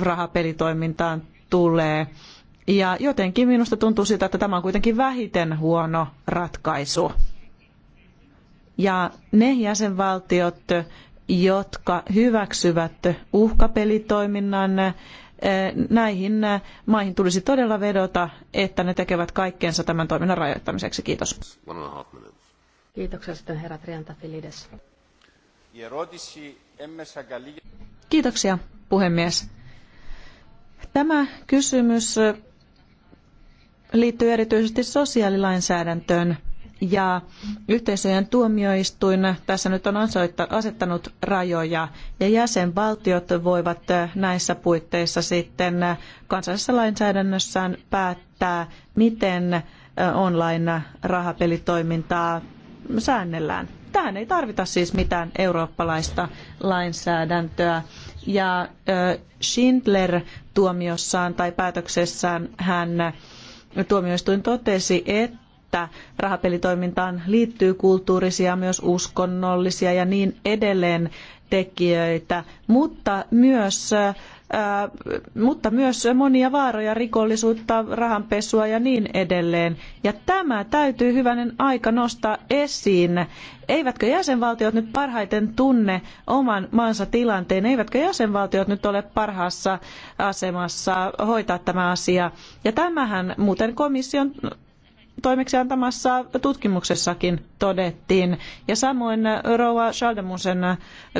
rahapelitoimintaan tulee. Ja jotenkin minusta tuntuu siltä, että tämä on kuitenkin vähiten huono ratkaisu. Ja ne jäsenvaltiot, jotka hyväksyvät uhkapelitoiminnan, eh, näihin maihin tulisi todella vedota, että ne tekevät kaikkensa tämän toiminnan rajoittamiseksi. Kiitos. Kiitoksia sitten herra Filides. Kiitoksia puhemies. Tämä kysymys liittyy erityisesti sosiaalilainsäädäntöön ja yhteisöjen tuomioistuin tässä nyt on asettanut rajoja ja jäsenvaltiot voivat eh, näissä puitteissa sitten eh, kansallisessa lainsäädännössään päättää, miten eh, online-rahapelitoimintaa säännellään. Tähän ei tarvita siis mitään eurooppalaista lainsäädäntöä. Ja Schindler tuomiossaan tai päätöksessään hän tuomioistuin totesi, että että rahapelitoimintaan liittyy kulttuurisia, myös uskonnollisia ja niin edelleen tekijöitä, mutta myös äh, mutta myös monia vaaroja, rikollisuutta, rahanpesua ja niin edelleen. Ja tämä täytyy hyvänen aika nostaa esiin. Eivätkö jäsenvaltiot nyt parhaiten tunne oman maansa tilanteen? Eivätkö jäsenvaltiot nyt ole parhaassa asemassa hoitaa tämä asia? Ja tämähän muuten komission toimeksiantamassa tutkimuksessakin todettiin. Ja samoin Rouva Schaldemusen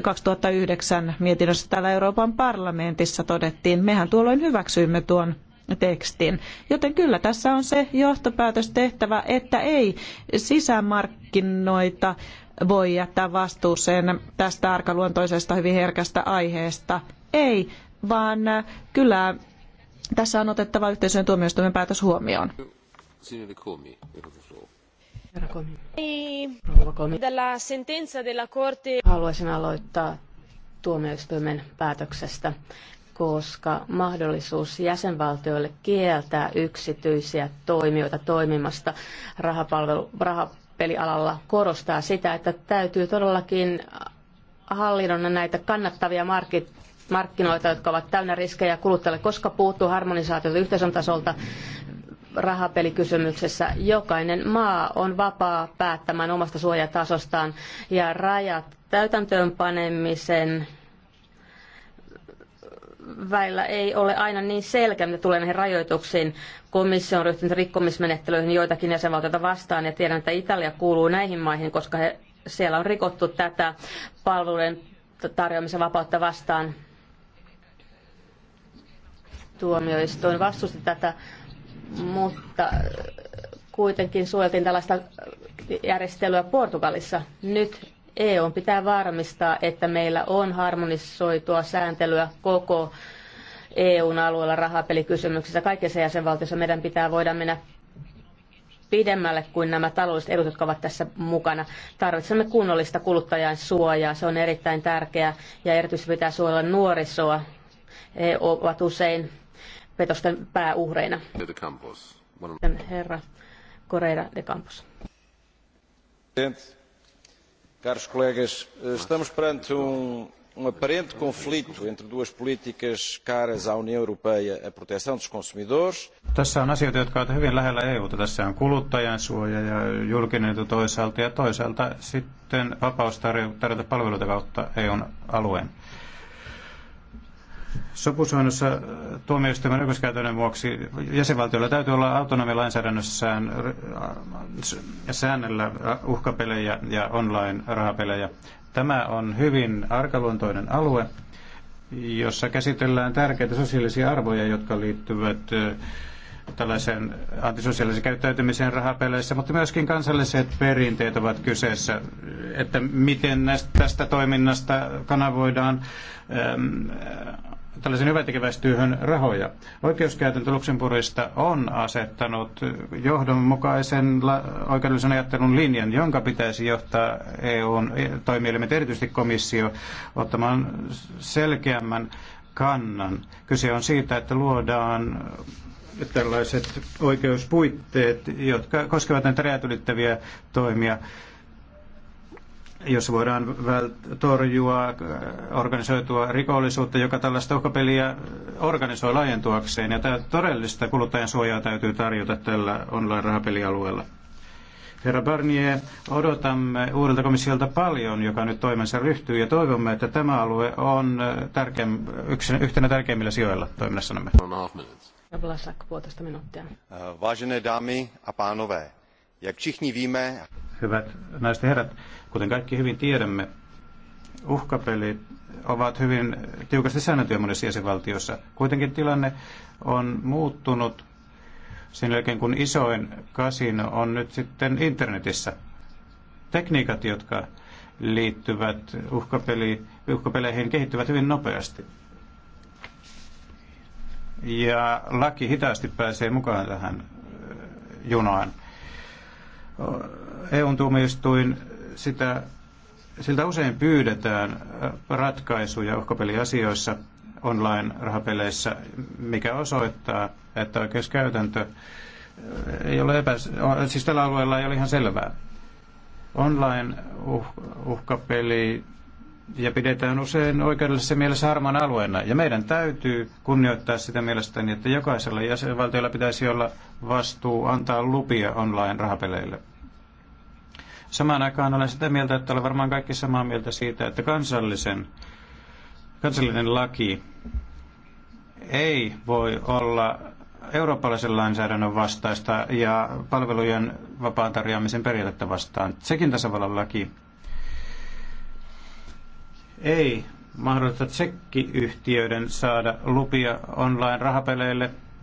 2009 mietinnössä täällä Euroopan parlamentissa todettiin. Mehän tuolloin hyväksyimme tuon tekstin. Joten kyllä tässä on se johtopäätös tehtävä, että ei sisämarkkinoita voi jättää vastuuseen tästä arkaluontoisesta hyvin herkästä aiheesta. Ei, vaan kyllä tässä on otettava yhteisön tuomioistuimen päätös huomioon. Herra Komi. Della corte... Haluaisin aloittaa tuomioistuimen päätöksestä, koska mahdollisuus jäsenvaltioille kieltää yksityisiä toimijoita toimimasta rahapalvelu, rahapelialalla korostaa sitä, että täytyy todellakin hallinnoida näitä kannattavia markkit, markkinoita, jotka ovat täynnä riskejä kuluttajille, koska puuttuu harmonisaatiota yhteisön tasolta rahapelikysymyksessä jokainen maa on vapaa päättämään omasta suojatasostaan ja rajat täytäntöönpanemisen väillä ei ole aina niin selkeä, mitä tulee näihin rajoituksiin. Komissio on ryhtynyt rikkomismenettelyihin joitakin jäsenvaltioita vastaan ja tiedän, että Italia kuuluu näihin maihin, koska he, siellä on rikottu tätä palvelujen tarjoamisen vapautta vastaan. Tuomioistuin vastusti tätä mutta äh, kuitenkin suojeltiin tällaista järjestelyä Portugalissa. Nyt EU pitää varmistaa, että meillä on harmonisoitua sääntelyä koko EUn alueella rahapelikysymyksissä. Kaikissa jäsenvaltioissa meidän pitää voida mennä pidemmälle kuin nämä taloudelliset edut, jotka ovat tässä mukana. Tarvitsemme kunnollista kuluttajan suojaa, se on erittäin tärkeää, ja erityisesti pitää suojella nuorisoa. He ovat usein petosten pääuhreina. Herra Correira de Campos. Caros colegas, estamos perante um, um aparente conflito entre duas políticas caras à União Europeia, a proteção dos consumidores. Tässä on asioita, jotka ovat hyvin lähellä EUta. Tässä on kuluttajan suoja ja julkinen etu toisaalta ja toisaalta sitten vapaus tarjota palveluita kautta EUn alueen sopusoinnussa äh, tuomioistuimen oikeuskäytännön vuoksi jäsenvaltioilla täytyy olla autonomilainsäädännössään äh, säännellä äh, uhkapelejä ja online-rahapelejä. Tämä on hyvin arkaluontoinen alue, jossa käsitellään tärkeitä sosiaalisia arvoja, jotka liittyvät tällaisen antisosiaalisen käyttäytymiseen rahapeleissä, mutta myöskin kansalliset perinteet ovat kyseessä, että miten näistä, tästä toiminnasta kanavoidaan ähm, tällaisen hyväntekeväistyöhön rahoja. Oikeuskäytäntö Luxemburgista on asettanut johdonmukaisen oikeudellisen ajattelun linjan, jonka pitäisi johtaa EUn toimielimet, erityisesti komissio, ottamaan selkeämmän kannan. Kyse on siitä, että luodaan tällaiset oikeuspuitteet, jotka koskevat näitä rajat ylittäviä toimia jossa voidaan torjua organisoitua rikollisuutta, joka tällaista uhkapeliä organisoi laajentuakseen. Ja tämä todellista kuluttajan suojaa täytyy tarjota tällä online-rahapelialueella. Herra Barnier, odotamme uudelta komissiolta paljon, joka nyt toimensa ryhtyy, ja toivomme, että tämä alue on äh, tärkeim- yks- yhtenä tärkeimmillä sijoilla toiminnassamme. minuuttia. Äh, vážené dámy a pánové, jak všichni víme... Hyvät naiset ja herrat, Kuten kaikki hyvin tiedämme, uhkapelit ovat hyvin tiukasti säännötyä monessa jäsenvaltiossa. Kuitenkin tilanne on muuttunut sen jälkeen, kun isoin kasino on nyt sitten internetissä. Tekniikat, jotka liittyvät uhkapeli, uhkapeleihin, kehittyvät hyvin nopeasti. Ja laki hitaasti pääsee mukaan tähän junaan. eu tuomioistuin sitä, siltä usein pyydetään äh, ratkaisuja uhkapeliasioissa online-rahapeleissä, mikä osoittaa, että oikeuskäytäntö äh, ei ole epäs... siis tällä alueella ei ole ihan selvää. Online-uhkapeli uh-, ja pidetään usein oikeudellisessa mielessä harmaan alueena. Ja meidän täytyy kunnioittaa sitä mielestäni, että jokaisella jäsenvaltiolla pitäisi olla vastuu antaa lupia online-rahapeleille. Samaan aikaan olen sitä mieltä, että olen varmaan kaikki samaa mieltä siitä, että kansallisen, kansallinen laki ei voi olla eurooppalaisen lainsäädännön vastaista ja palvelujen vapaan tarjoamisen periaatetta vastaan. Sekin tasavallan laki ei mahdollista tsekkiyhtiöiden saada lupia online-rahapeleille –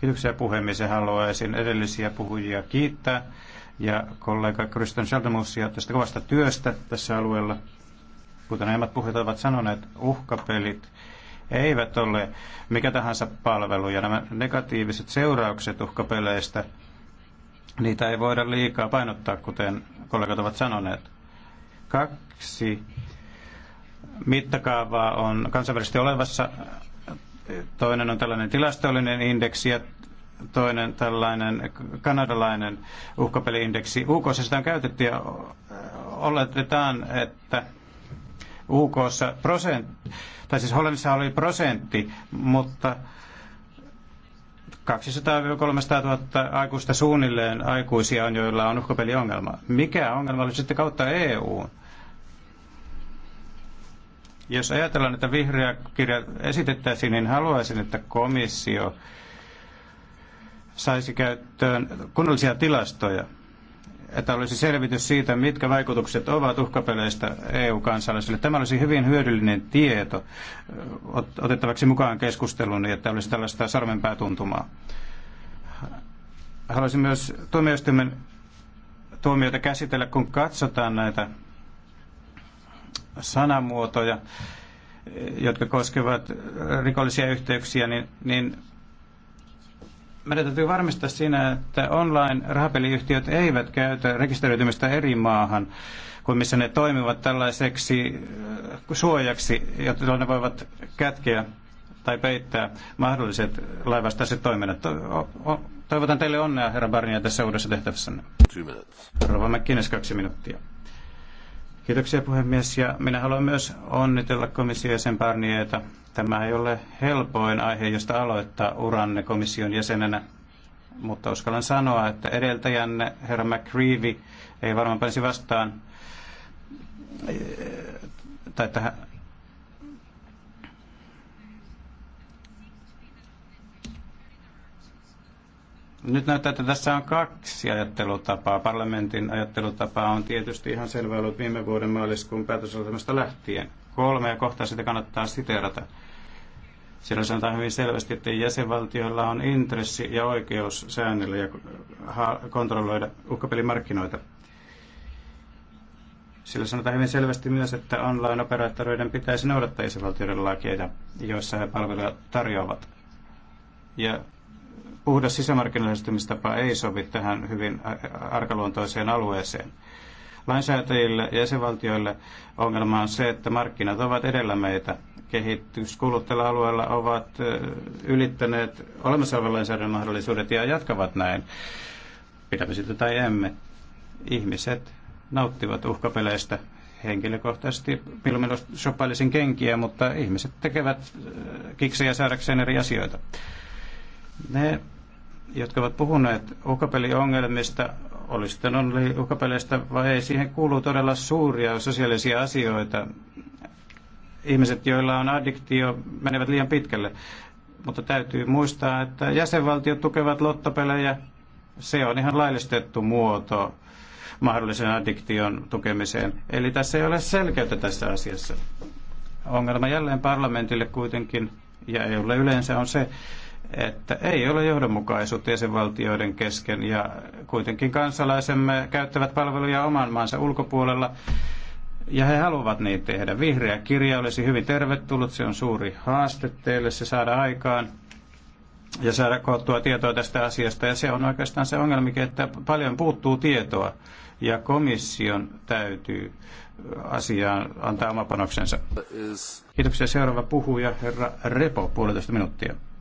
Kiitoksia puhemies ja haluaisin edellisiä puhujia kiittää ja kollega Kristen Schaldemussia tästä kovasta työstä tässä alueella. Kuten aiemmat puhujat ovat sanoneet, uhkapelit eivät ole mikä tahansa palvelu ja nämä negatiiviset seuraukset uhkapeleistä, niitä ei voida liikaa painottaa, kuten kollegat ovat sanoneet. Kaksi mittakaavaa on kansainvälisesti olevassa Toinen on tällainen tilastollinen indeksi ja toinen tällainen kanadalainen uhkapeliindeksi. UK sitä on käytetty ja oletetaan, että UK prosent, tai siis Hollannissa oli prosentti, mutta 200-300 000 aikuista suunnilleen aikuisia on, joilla on uhkapeliongelma. Mikä ongelma oli sitten kautta EU? Jos ajatellaan, että vihreä kirja esitettäisiin, niin haluaisin, että komissio saisi käyttöön kunnollisia tilastoja että olisi selvitys siitä, mitkä vaikutukset ovat uhkapeleistä EU-kansalaisille. Tämä olisi hyvin hyödyllinen tieto otettavaksi mukaan keskusteluun, niin että olisi tällaista sarvenpäätuntumaa. Haluaisin myös tuomioistuimen tuomioita käsitellä, kun katsotaan näitä sanamuotoja, jotka koskevat rikollisia yhteyksiä, niin, niin meidän täytyy varmistaa siinä, että online-rahapeliyhtiöt eivät käytä rekisteröitymistä eri maahan kuin missä ne toimivat tällaiseksi äh, suojaksi, jotta ne voivat kätkeä tai peittää mahdolliset laivastaiset toiminnat. Toivotan teille onnea, herra Barnia, tässä uudessa tehtävässänne. Rova McKinnes, kaksi minuuttia. Kiitoksia puhemies ja minä haluan myös onnitella komission jäsen Barnieta. Tämä ei ole helpoin aihe, josta aloittaa uranne komission jäsenenä, mutta uskallan sanoa, että edeltäjänne herra McCreevy ei varmaan pääsi vastaan tai tähän Nyt näyttää, että tässä on kaksi ajattelutapaa. Parlamentin ajattelutapa on tietysti ihan selvä ollut viime vuoden maaliskuun päätösohjelmasta lähtien. Kolme ja kohtaa sitä kannattaa siteerata. Siellä sanotaan hyvin selvästi, että jäsenvaltioilla on intressi ja oikeus säännellä ja kontrolloida uhkapelimarkkinoita. Sillä sanotaan hyvin selvästi myös, että online-operaattoreiden pitäisi noudattaa jäsenvaltioiden lakia, joissa he palveluja tarjoavat. Ja puhdas sisämarkkinalähestymistapa ei sovi tähän hyvin arkaluontoiseen alueeseen. Lainsäätäjille ja jäsenvaltioille ongelma on se, että markkinat ovat edellä meitä. Kehityskulut tällä alueella ovat ylittäneet olemassa olevan lainsäädännön mahdollisuudet ja jatkavat näin. Pidämme sitä tai emme. Ihmiset nauttivat uhkapeleistä. Henkilökohtaisesti milloin shoppailisin kenkiä, mutta ihmiset tekevät kiksejä saadakseen eri asioita. Ne, jotka ovat puhuneet uhkapeliongelmista, oli sitten on uhkapeleistä vai ei, siihen kuuluu todella suuria sosiaalisia asioita. Ihmiset, joilla on addiktio, menevät liian pitkälle. Mutta täytyy muistaa, että jäsenvaltiot tukevat lottopelejä. Se on ihan laillistettu muoto mahdollisen addiktion tukemiseen. Eli tässä ei ole selkeyttä tässä asiassa. Ongelma jälleen parlamentille kuitenkin, ja ole yleensä on se, että ei ole johdonmukaisuutta jäsenvaltioiden kesken ja kuitenkin kansalaisemme käyttävät palveluja oman maansa ulkopuolella ja he haluavat niin tehdä. Vihreä kirja olisi hyvin tervetullut, se on suuri haaste teille se saada aikaan ja saada koottua tietoa tästä asiasta. Ja se on oikeastaan se ongelmikin, että paljon puuttuu tietoa ja komission täytyy äh, asiaan antaa oma panoksensa. Kiitoksia. Seuraava puhuja, herra Repo, puolitoista minuuttia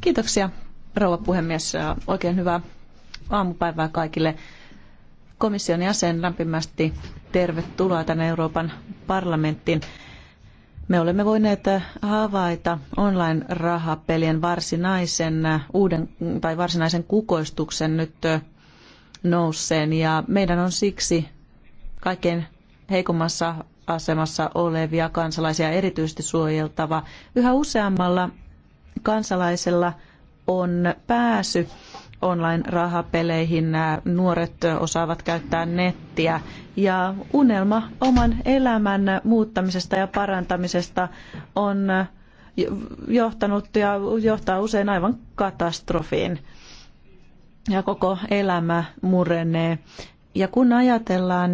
Kiitoksia. rouva puhemies. Oikein hyvää aamupäivää kaikille. Komission jäsen lämpimästi tervetuloa tänne Euroopan parlamenttiin. Me olemme voineet havaita online-rahapelien varsinaisen uuden tai varsinaisen kukoistuksen nyt nousseen ja meidän on siksi kaikkein heikommassa asemassa olevia kansalaisia erityisesti suojeltava. Yhä useammalla kansalaisella on pääsy online-rahapeleihin. Nuoret osaavat käyttää nettiä ja unelma oman elämän muuttamisesta ja parantamisesta on johtanut ja johtaa usein aivan katastrofiin ja koko elämä murenee. Ja kun ajatellaan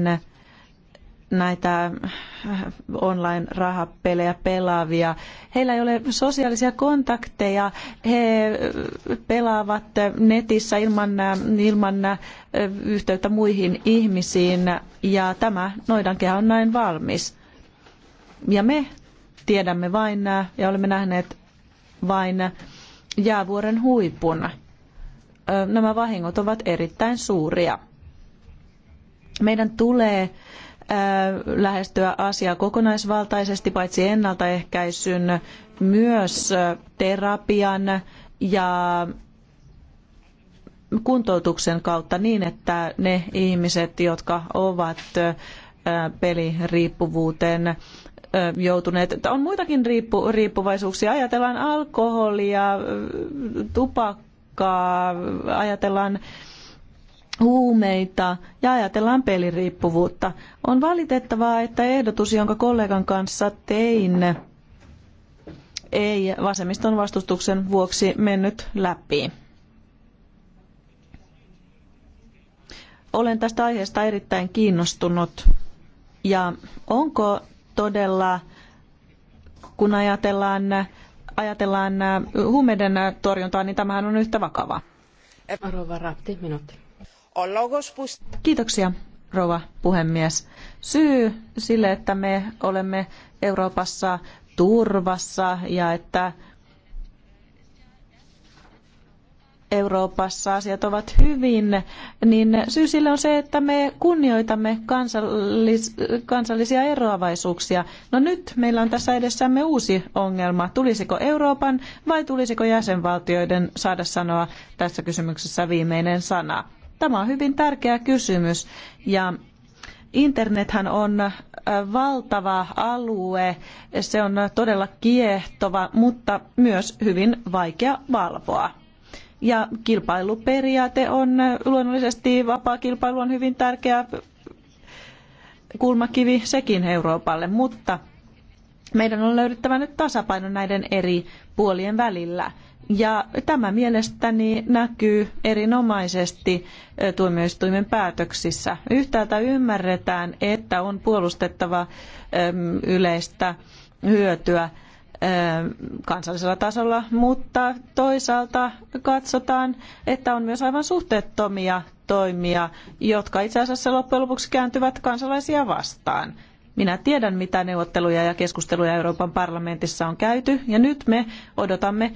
näitä online-rahapelejä pelaavia. Heillä ei ole sosiaalisia kontakteja. He pelaavat netissä ilman, ilman yhteyttä muihin ihmisiin ja tämä noidankehä on näin valmis. Ja me tiedämme vain ja olemme nähneet vain jäävuoren huipun nämä vahingot ovat erittäin suuria. Meidän tulee lähestyä asiaa kokonaisvaltaisesti, paitsi ennaltaehkäisyn, myös terapian ja kuntoutuksen kautta niin, että ne ihmiset, jotka ovat peliriippuvuuteen joutuneet. On muitakin riippuvaisuuksia. Ajatellaan alkoholia, tupakkaa tupakkaa, ajatellaan huumeita ja ajatellaan peliriippuvuutta. On valitettavaa, että ehdotus, jonka kollegan kanssa tein, ei vasemmiston vastustuksen vuoksi mennyt läpi. Olen tästä aiheesta erittäin kiinnostunut. Ja onko todella, kun ajatellaan ajatellaan äh, huumeiden äh, torjuntaa, niin tämähän on yhtä vakava. Rouva Rapti, minuutti. Kiitoksia, rouva puhemies. Syy sille, että me olemme Euroopassa turvassa ja että Euroopassa asiat ovat hyvin, niin syy sille on se, että me kunnioitamme kansallis, kansallisia eroavaisuuksia. No nyt meillä on tässä edessämme uusi ongelma. Tulisiko Euroopan vai tulisiko jäsenvaltioiden saada sanoa tässä kysymyksessä viimeinen sana? Tämä on hyvin tärkeä kysymys ja Internethän on äh, valtava alue, se on todella kiehtova, mutta myös hyvin vaikea valvoa. Ja kilpailuperiaate on luonnollisesti, vapaa kilpailu on hyvin tärkeä kulmakivi sekin Euroopalle, mutta meidän on löydettävä nyt tasapaino näiden eri puolien välillä. Ja tämä mielestäni näkyy erinomaisesti tuomioistuimen päätöksissä. Yhtäältä ymmärretään, että on puolustettava yleistä hyötyä kansallisella tasolla, mutta toisaalta katsotaan, että on myös aivan suhteettomia toimia, jotka itse asiassa loppujen lopuksi kääntyvät kansalaisia vastaan. Minä tiedän, mitä neuvotteluja ja keskusteluja Euroopan parlamentissa on käyty, ja nyt me odotamme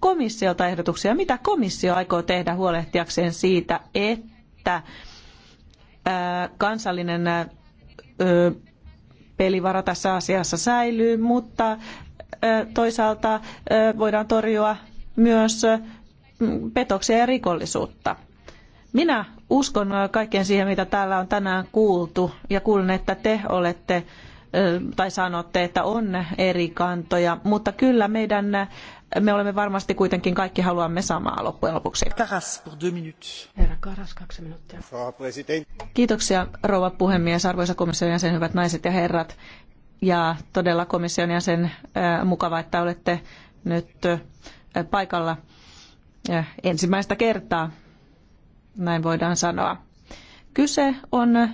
komissiolta ehdotuksia, mitä komissio aikoo tehdä huolehtiakseen siitä, että kansallinen pelivara tässä asiassa säilyy, mutta toisaalta voidaan torjua myös petoksia ja rikollisuutta. Minä uskon kaikkeen siihen, mitä täällä on tänään kuultu ja kuulen, että te olette tai sanotte, että on eri kantoja, mutta kyllä meidän, me olemme varmasti kuitenkin kaikki haluamme samaa loppujen lopuksi. Karas, Herra Karas, kaksi minuuttia. Kiitoksia rouva puhemies, arvoisa komission jäsen, hyvät naiset ja herrat. Ja todella komission jäsen, mukava, että olette nyt paikalla ensimmäistä kertaa, näin voidaan sanoa. Kyse on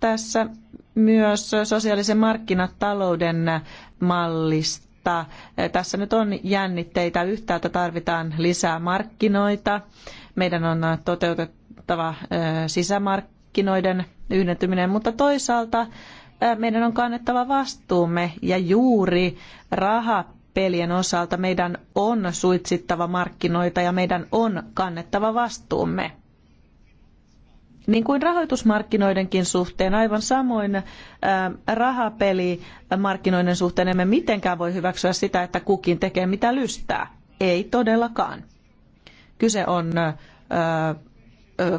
tässä myös sosiaalisen markkinatalouden mallista. Tässä nyt on jännitteitä. Yhtäältä tarvitaan lisää markkinoita. Meidän on toteutettava sisämarkkinoiden yhdentyminen, mutta toisaalta meidän on kannettava vastuumme ja juuri rahapelien osalta meidän on suitsittava markkinoita ja meidän on kannettava vastuumme. Niin kuin rahoitusmarkkinoidenkin suhteen, aivan samoin rahapelimarkkinoiden suhteen emme mitenkään voi hyväksyä sitä, että kukin tekee mitä lystää. Ei todellakaan. Kyse on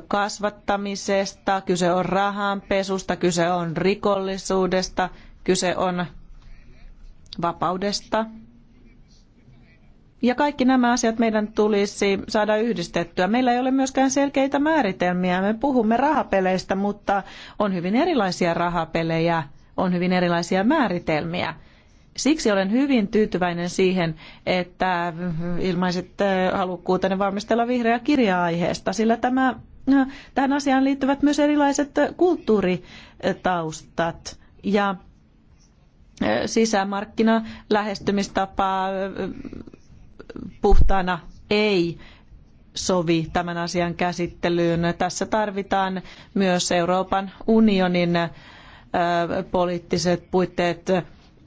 kasvattamisesta, kyse on rahanpesusta, kyse on rikollisuudesta, kyse on vapaudesta. Ja kaikki nämä asiat meidän tulisi saada yhdistettyä. Meillä ei ole myöskään selkeitä määritelmiä. Me puhumme rahapeleistä, mutta on hyvin erilaisia rahapelejä, on hyvin erilaisia määritelmiä. Siksi olen hyvin tyytyväinen siihen, että ilmaisitte äh, halukkuutenne valmistella vihreä kirja aiheesta, sillä tämä, äh, tähän asiaan liittyvät myös erilaiset äh, kulttuuritaustat ja sisämarkkina lähestymistapa puhtaana ei sovi tämän asian käsittelyyn. Tässä tarvitaan myös Euroopan unionin poliittiset puitteet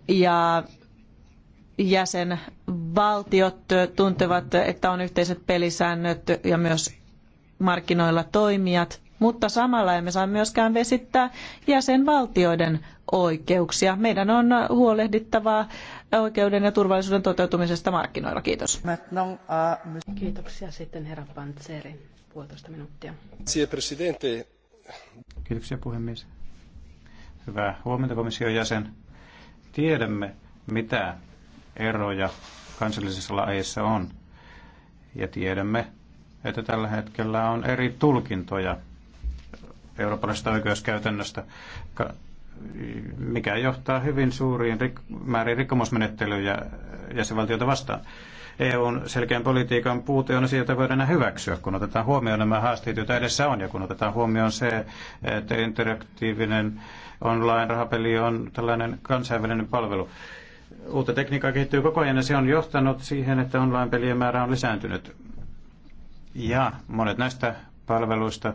ja jäsenvaltiot tuntevat, että on yhteiset pelisäännöt ja myös markkinoilla toimijat, mutta samalla emme saa myöskään vesittää jäsenvaltioiden oikeuksia. Meidän on huolehdittava oikeuden ja turvallisuuden toteutumisesta markkinoilla. Kiitos. Kiitoksia sitten herra Pantseri. Puolitoista minuuttia. Kiitoksia puhemies. Hyvää huomenta komission jäsen. Tiedämme, mitä eroja kansallisissa laeissa on. Ja tiedämme, että tällä hetkellä on eri tulkintoja eurooppalaisesta oikeuskäytännöstä, mikä johtaa hyvin suuriin rik- määrin rikkomusmenettelyjä jäsenvaltioita vastaan. EUn selkeän politiikan puute on asia, voidaan enää hyväksyä, kun otetaan huomioon nämä haasteet, joita edessä on, ja kun otetaan huomioon se, että interaktiivinen online-rahapeli on tällainen kansainvälinen palvelu. Uutta tekniikkaa kehittyy koko ajan ja se on johtanut siihen, että online-pelien määrä on lisääntynyt. Ja monet näistä palveluista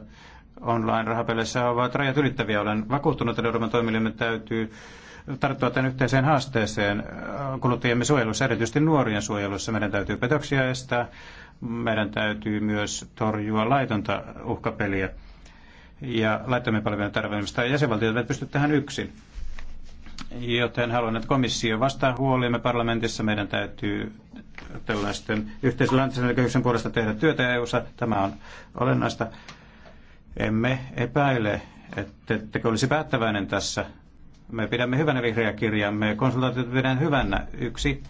online-rahapeleissä ovat rajat ylittäviä. Olen vakuuttunut, että Euroopan toimielimet täytyy tarttua tämän yhteiseen haasteeseen kuluttajiemme suojelussa, erityisesti nuorien suojelussa. Meidän täytyy petoksia estää, meidän täytyy myös torjua laitonta uhkapeliä ja laittomien palvelujen tarvitsemista. Jäsenvaltiot eivät pysty tähän yksin. Joten haluan, että komissio vastaa huoliimme parlamentissa. Meidän täytyy tällaisten yhteisöllisen kehyksen puolesta tehdä työtä EU-ssa. Tämä on olennaista. Emme epäile, että olisi päättäväinen tässä. Me pidämme hyvänä vihreä kirjaa. Me konsultaatiot pidän hyvänä. Yksi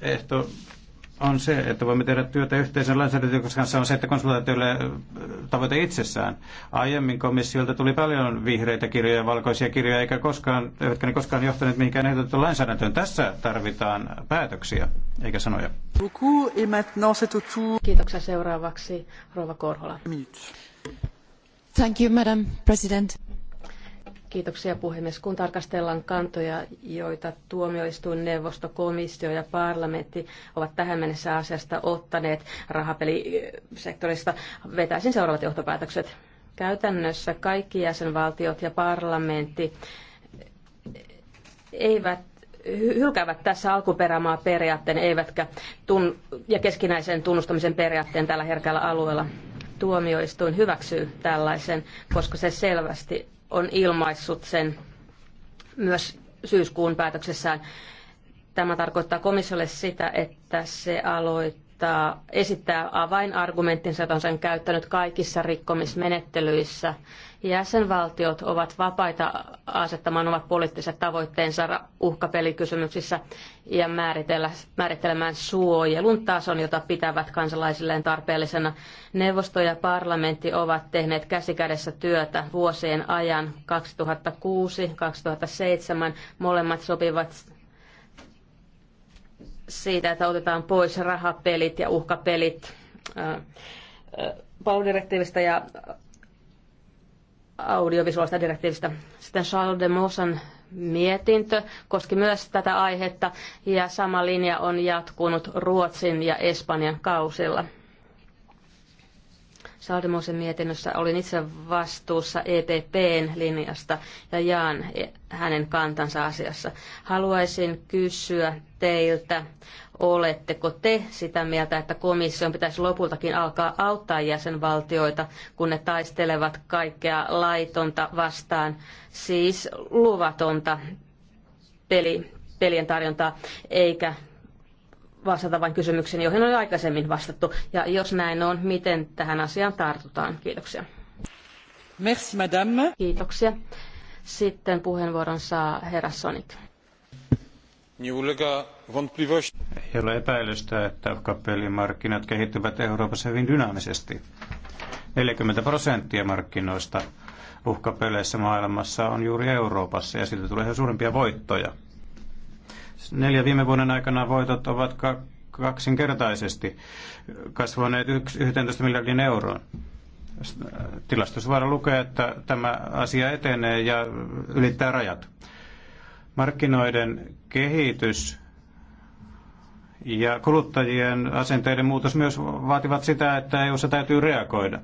ehto on se, että voimme tehdä työtä yhteisen lainsäädäntön kanssa, on se, että konsultaatioille tavoite itsessään. Aiemmin komissiolta tuli paljon vihreitä kirjoja valkoisia kirjoja, eikä koskaan, eivätkä ne koskaan johtaneet mihinkään ehdotettu lainsäädäntöön. Tässä tarvitaan päätöksiä, eikä sanoja. Kiitoksia seuraavaksi, Rova Korhola. Thank you, Madam President. Kiitoksia puhemies. Kun tarkastellaan kantoja, joita tuomioistuin, neuvosto, komissio ja parlamentti ovat tähän mennessä asiasta ottaneet rahapelisektorista, vetäisin seuraavat johtopäätökset. Käytännössä kaikki jäsenvaltiot ja parlamentti eivät hylkäävät tässä alkuperämaa periaatteen eivätkä tun- ja keskinäisen tunnustamisen periaatteen tällä herkällä alueella. Tuomioistuin hyväksyy tällaisen, koska se selvästi on ilmaissut sen myös syyskuun päätöksessään. Tämä tarkoittaa komissiolle sitä, että se aloittaa vastaa, esittää avainargumenttinsa, jota on sen käyttänyt kaikissa rikkomismenettelyissä. Jäsenvaltiot ovat vapaita asettamaan omat poliittiset tavoitteensa uhkapelikysymyksissä ja määritellä, määrittelemään suojelun tason, jota pitävät kansalaisilleen tarpeellisena. Neuvosto ja parlamentti ovat tehneet käsikädessä työtä vuosien ajan 2006-2007. Molemmat sopivat siitä, että otetaan pois rahapelit ja uhkapelit äh, äh, palveludirektiivistä ja audiovisuaalista direktiivistä. Sitten Charles de Mosan mietintö koski myös tätä aihetta ja sama linja on jatkunut Ruotsin ja Espanjan kausilla. Saldemosen mietinnössä olin itse vastuussa EPPn linjasta ja jaan e- hänen kantansa asiassa. Haluaisin kysyä teiltä, oletteko te sitä mieltä, että komission pitäisi lopultakin alkaa auttaa jäsenvaltioita, kun ne taistelevat kaikkea laitonta vastaan, siis luvatonta peli, pelien tarjontaa, eikä vastata vain kysymyksiin, joihin on aikaisemmin vastattu. Ja jos näin on, miten tähän asiaan tartutaan? Kiitoksia. Merci, madame. Kiitoksia. Sitten puheenvuoron saa herra Sonik. Ei ole epäilystä, että kapellimarkkinat kehittyvät Euroopassa hyvin dynaamisesti. 40 prosenttia markkinoista uhkapeleissä maailmassa on juuri Euroopassa ja siitä tulee suurempia voittoja. Neljä viime vuoden aikana voitot ovat kaksinkertaisesti kasvaneet 11 miljardin euroon. Tilastosvara lukee, että tämä asia etenee ja ylittää rajat. Markkinoiden kehitys ja kuluttajien asenteiden muutos myös vaativat sitä, että EUssa täytyy reagoida.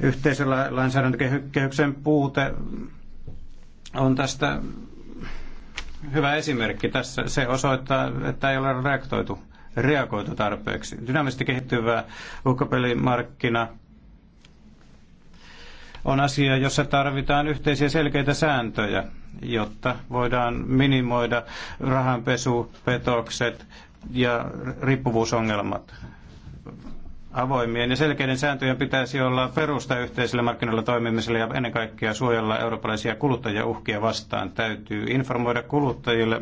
Yhteisellä lainsäädäntökehyksen puute on tästä hyvä esimerkki tässä. Se osoittaa, että ei ole reaktoitu, reagoitu tarpeeksi. Dynaamisesti kehittyvä uhkapelimarkkina on asia, jossa tarvitaan yhteisiä selkeitä sääntöjä, jotta voidaan minimoida rahanpesupetokset petokset ja riippuvuusongelmat avoimien ja selkeiden sääntöjen pitäisi olla perusta yhteiselle markkinoilla toimimiselle ja ennen kaikkea suojella eurooppalaisia kuluttajia uhkia vastaan. Täytyy informoida kuluttajille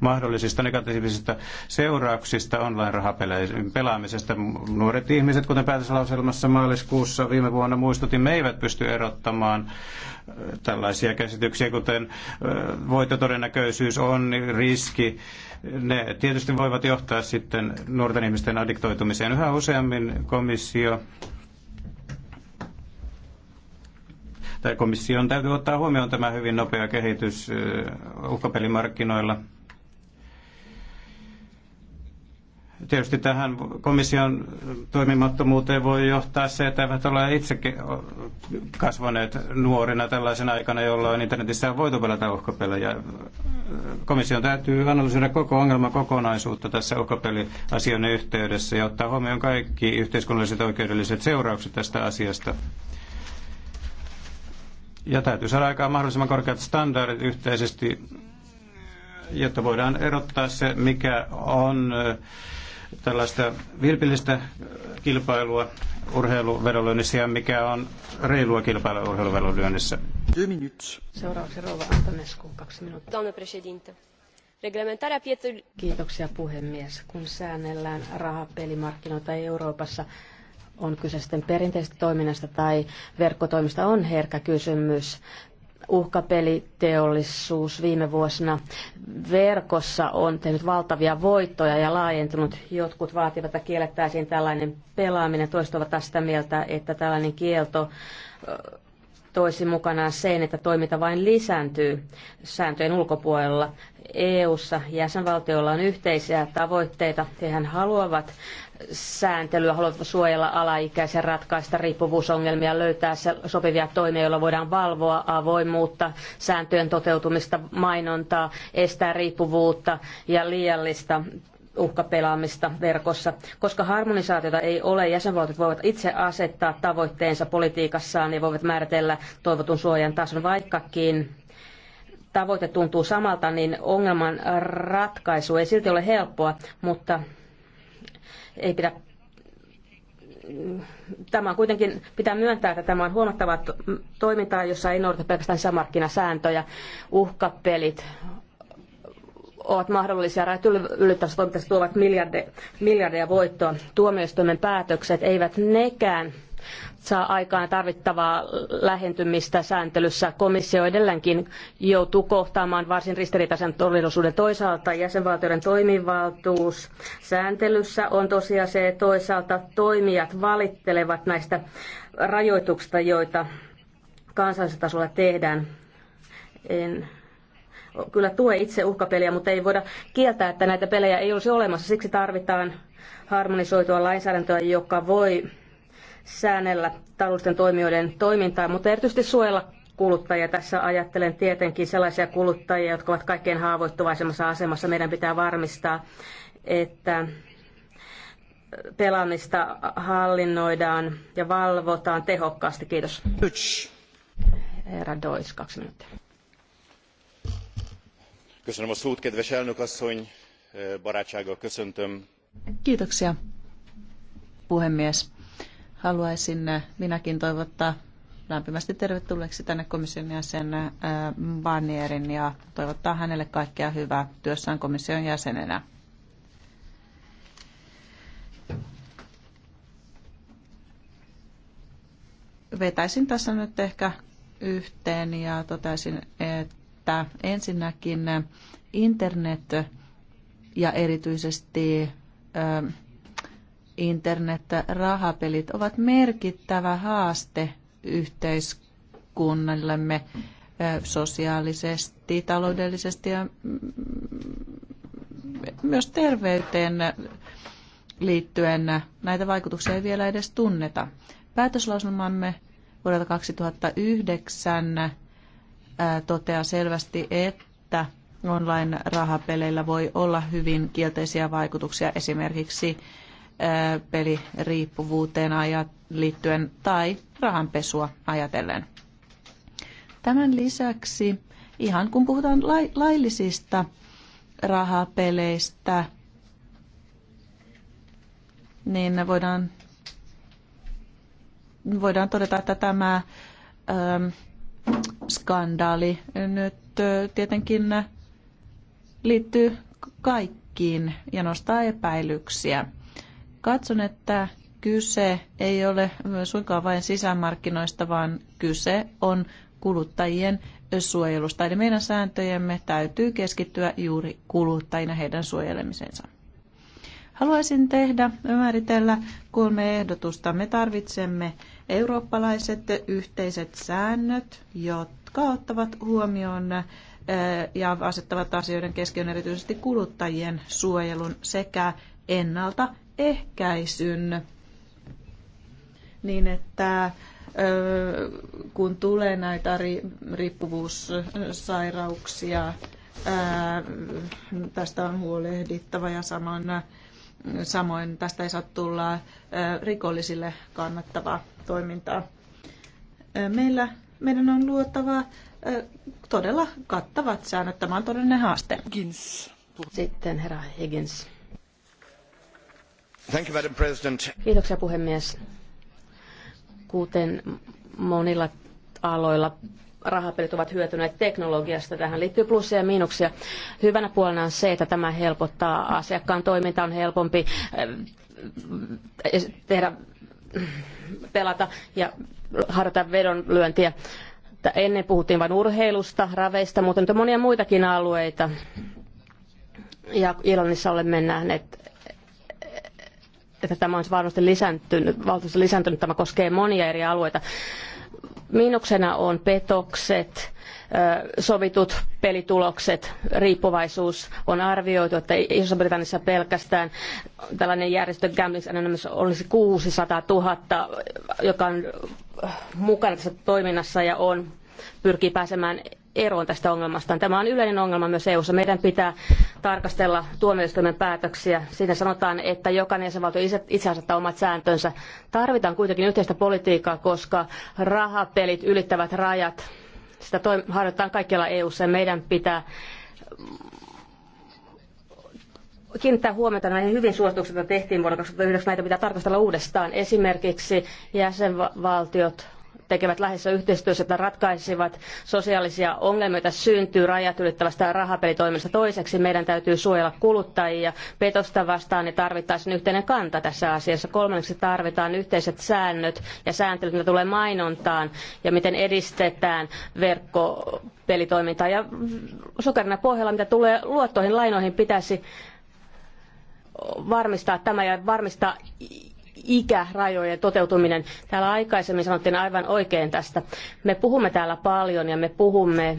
mahdollisista negatiivisista seurauksista online-rahapelaamisesta. Nuoret ihmiset, kuten päätöslauselmassa maaliskuussa viime vuonna muistutimme, eivät pysty erottamaan äh, tällaisia käsityksiä, kuten äh, voittotodennäköisyys on, riski. Ne tietysti voivat johtaa sitten nuorten ihmisten addiktoitumiseen. Yhä useammin komissio tai komission täytyy ottaa huomioon tämä hyvin nopea kehitys eh, uhkapelimarkkinoilla – Tietysti tähän komission toimimattomuuteen voi johtaa se, että eivät ole itse kasvaneet nuorina tällaisen aikana, jolloin internetissä on voitu pelata uhkapelejä. Komission täytyy analysoida koko ongelma kokonaisuutta tässä uhkapeliasian yhteydessä ja ottaa huomioon kaikki yhteiskunnalliset oikeudelliset seuraukset tästä asiasta. Ja täytyy saada aikaan mahdollisimman korkeat standardit yhteisesti, jotta voidaan erottaa se, mikä on tällaista vilpillistä kilpailua urheiluvedonlyönnissä mikä on reilua kilpailua urheiluvedonlyönnissä. Seuraavaksi Rouva Antonescu, kaksi minuuttia. Kiitoksia puhemies. Kun säännellään rahapelimarkkinoita Euroopassa, on kyse sitten perinteisestä toiminnasta tai verkkotoimista, on herkkä kysymys uhkapeliteollisuus viime vuosina verkossa on tehnyt valtavia voittoja ja laajentunut. Jotkut vaativat, että kiellettäisiin tällainen pelaaminen. Toiset ovat tästä mieltä, että tällainen kielto toisi mukanaan sen, että toiminta vain lisääntyy sääntöjen ulkopuolella. EU-ssa jäsenvaltioilla on yhteisiä tavoitteita. Hehän haluavat sääntelyä, haluavat suojella alaikäisiä, ratkaista riippuvuusongelmia, löytää sopivia toimia, joilla voidaan valvoa avoimuutta, sääntöjen toteutumista, mainontaa, estää riippuvuutta ja liiallista uhkapelaamista verkossa. Koska harmonisaatiota ei ole, jäsenvaltiot voivat itse asettaa tavoitteensa politiikassaan ja voivat määritellä toivotun suojan tason, vaikkakin tavoite tuntuu samalta, niin ongelman ratkaisu ei silti ole helppoa, mutta ei pidä Tämä on kuitenkin, pitää myöntää, että tämä on huomattavaa toimintaa, jossa ei noudata pelkästään sisämarkkinasääntöjä. Uhkapelit ovat mahdollisia rajat ylittävässä toimintassa tuovat miljardeja, miljardeja voittoa. Tuomioistuimen päätökset eivät nekään saa aikaan tarvittavaa lähentymistä sääntelyssä. Komissio edelleenkin joutuu kohtaamaan varsin ristiriitaisen todellisuuden toisaalta. Jäsenvaltioiden toimivaltuus sääntelyssä on tosiaan se, että toisaalta toimijat valittelevat näistä rajoituksista, joita kansallisella tasolla tehdään. En kyllä tue itse uhkapeliä, mutta ei voida kieltää, että näitä pelejä ei olisi olemassa. Siksi tarvitaan harmonisoitua lainsäädäntöä, joka voi säännellä taloudellisten toimijoiden toimintaa, mutta erityisesti suojella kuluttajia. Tässä ajattelen tietenkin sellaisia kuluttajia, jotka ovat kaikkein haavoittuvaisemmassa asemassa. Meidän pitää varmistaa, että pelaamista hallinnoidaan ja valvotaan tehokkaasti. Kiitos. Herra Dois, kaksi minuuttia. Köszönöm a szót, kedves barátsággal köszöntöm. Kiitoksia, puhemies haluaisin äh, minäkin toivottaa lämpimästi tervetulleeksi tänne komission jäsen äh, Barnierin ja toivottaa hänelle kaikkea hyvää työssään komission jäsenenä. Vetäisin tässä nyt ehkä yhteen ja totesin, että ensinnäkin internet ja erityisesti äh, internet-rahapelit ovat merkittävä haaste yhteiskunnallemme sosiaalisesti, taloudellisesti ja myös terveyteen liittyen. Näitä vaikutuksia ei vielä edes tunneta. Päätöslauselmamme vuodelta 2009 toteaa selvästi, että online-rahapeleillä voi olla hyvin kielteisiä vaikutuksia esimerkiksi Äh, peliriippuvuuteen liittyen tai rahanpesua ajatellen. Tämän lisäksi, ihan kun puhutaan laillisista rahapeleistä, niin voidaan, voidaan todeta, että tämä ö, ähm, skandaali nyt ö, äh, tietenkin liittyy kaikkiin ja nostaa epäilyksiä. Katson, että kyse ei ole suinkaan vain sisämarkkinoista, vaan kyse on kuluttajien suojelusta. Eli meidän sääntöjemme täytyy keskittyä juuri kuluttajina heidän suojelemisensa. Haluaisin tehdä, määritellä kolme ehdotusta. Me tarvitsemme eurooppalaiset yhteiset säännöt, jotka ottavat huomioon eh, ja asettavat asioiden keskiön erityisesti kuluttajien suojelun sekä ennalta ehkäisyn niin, että kun tulee näitä riippuvuussairauksia, tästä on huolehdittava ja samoin, samoin tästä ei saa tulla rikollisille kannattavaa toimintaa. Meillä, meidän on luotava todella kattavat säännöt. Tämä on todellinen haaste. Sitten herra Higgins arvoisa Kiitoksia puhemies. Kuten monilla aloilla rahapelit ovat hyötyneet teknologiasta. Tähän liittyy plussia ja miinuksia. Hyvänä puolena on se, että tämä helpottaa asiakkaan toimintaa, on helpompi äh, tehdä, pelata ja harjoittaa vedonlyöntiä. Ennen puhuttiin vain urheilusta, raveista, mutta nyt on monia muitakin alueita. Ja Irlannissa olemme nähneet että tämä on varmasti lisääntynyt, valtuussa lisääntynyt, tämä koskee monia eri alueita. Miinuksena on petokset, sovitut pelitulokset, riippuvaisuus. On arvioitu, että iso britannissa pelkästään tällainen järjestö Gamblings Anonymous olisi 600 000, joka on mukana tässä toiminnassa ja on pyrkii pääsemään eroon tästä ongelmasta. Tämä on yleinen ongelma myös EU:ssa. Meidän pitää tarkastella tuomioistuimen päätöksiä. Siinä sanotaan, että jokainen jäsenvaltio itse asettaa omat sääntönsä. Tarvitaan kuitenkin yhteistä politiikkaa, koska rahapelit ylittävät rajat. Sitä toim- harjoitetaan kaikkialla EU:ssa ja meidän pitää kiinnittää huomiota näihin hyvin suosituksiin, joita tehtiin vuonna 2009. Näitä pitää tarkastella uudestaan. Esimerkiksi jäsenvaltiot tekevät läheisessä yhteistyössä, että ratkaisivat sosiaalisia ongelmia, joita syntyy rajat ylittävästä rahapelitoiminnasta. Toiseksi meidän täytyy suojella kuluttajia petosta vastaan ja tarvittaisiin yhteinen kanta tässä asiassa. Kolmanneksi tarvitaan yhteiset säännöt ja sääntelyt, mitä tulee mainontaan ja miten edistetään verkkopelitoimintaa. Ja sokerina pohjalla, mitä tulee luottoihin, lainoihin, pitäisi varmistaa tämä ja varmistaa ikärajojen toteutuminen. Täällä aikaisemmin sanottiin aivan oikein tästä. Me puhumme täällä paljon ja me puhumme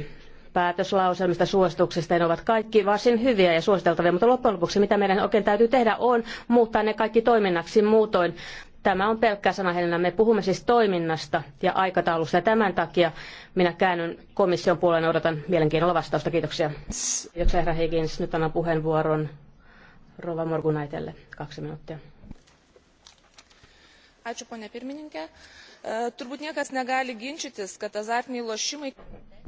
päätöslauselmista, suosituksista, ja ne ovat kaikki varsin hyviä ja suositeltavia, mutta loppujen lopuksi mitä meidän oikein täytyy tehdä on muuttaa ne kaikki toiminnaksi muutoin. Tämä on pelkkää sanahelinä. Me puhumme siis toiminnasta ja aikataulusta ja tämän takia minä käännyn komission puoleen ja odotan mielenkiinnolla vastausta. Kiitoksia. Jos herra Higgins. Nyt annan puheenvuoron Rova Morgunaitelle. Kaksi minuuttia.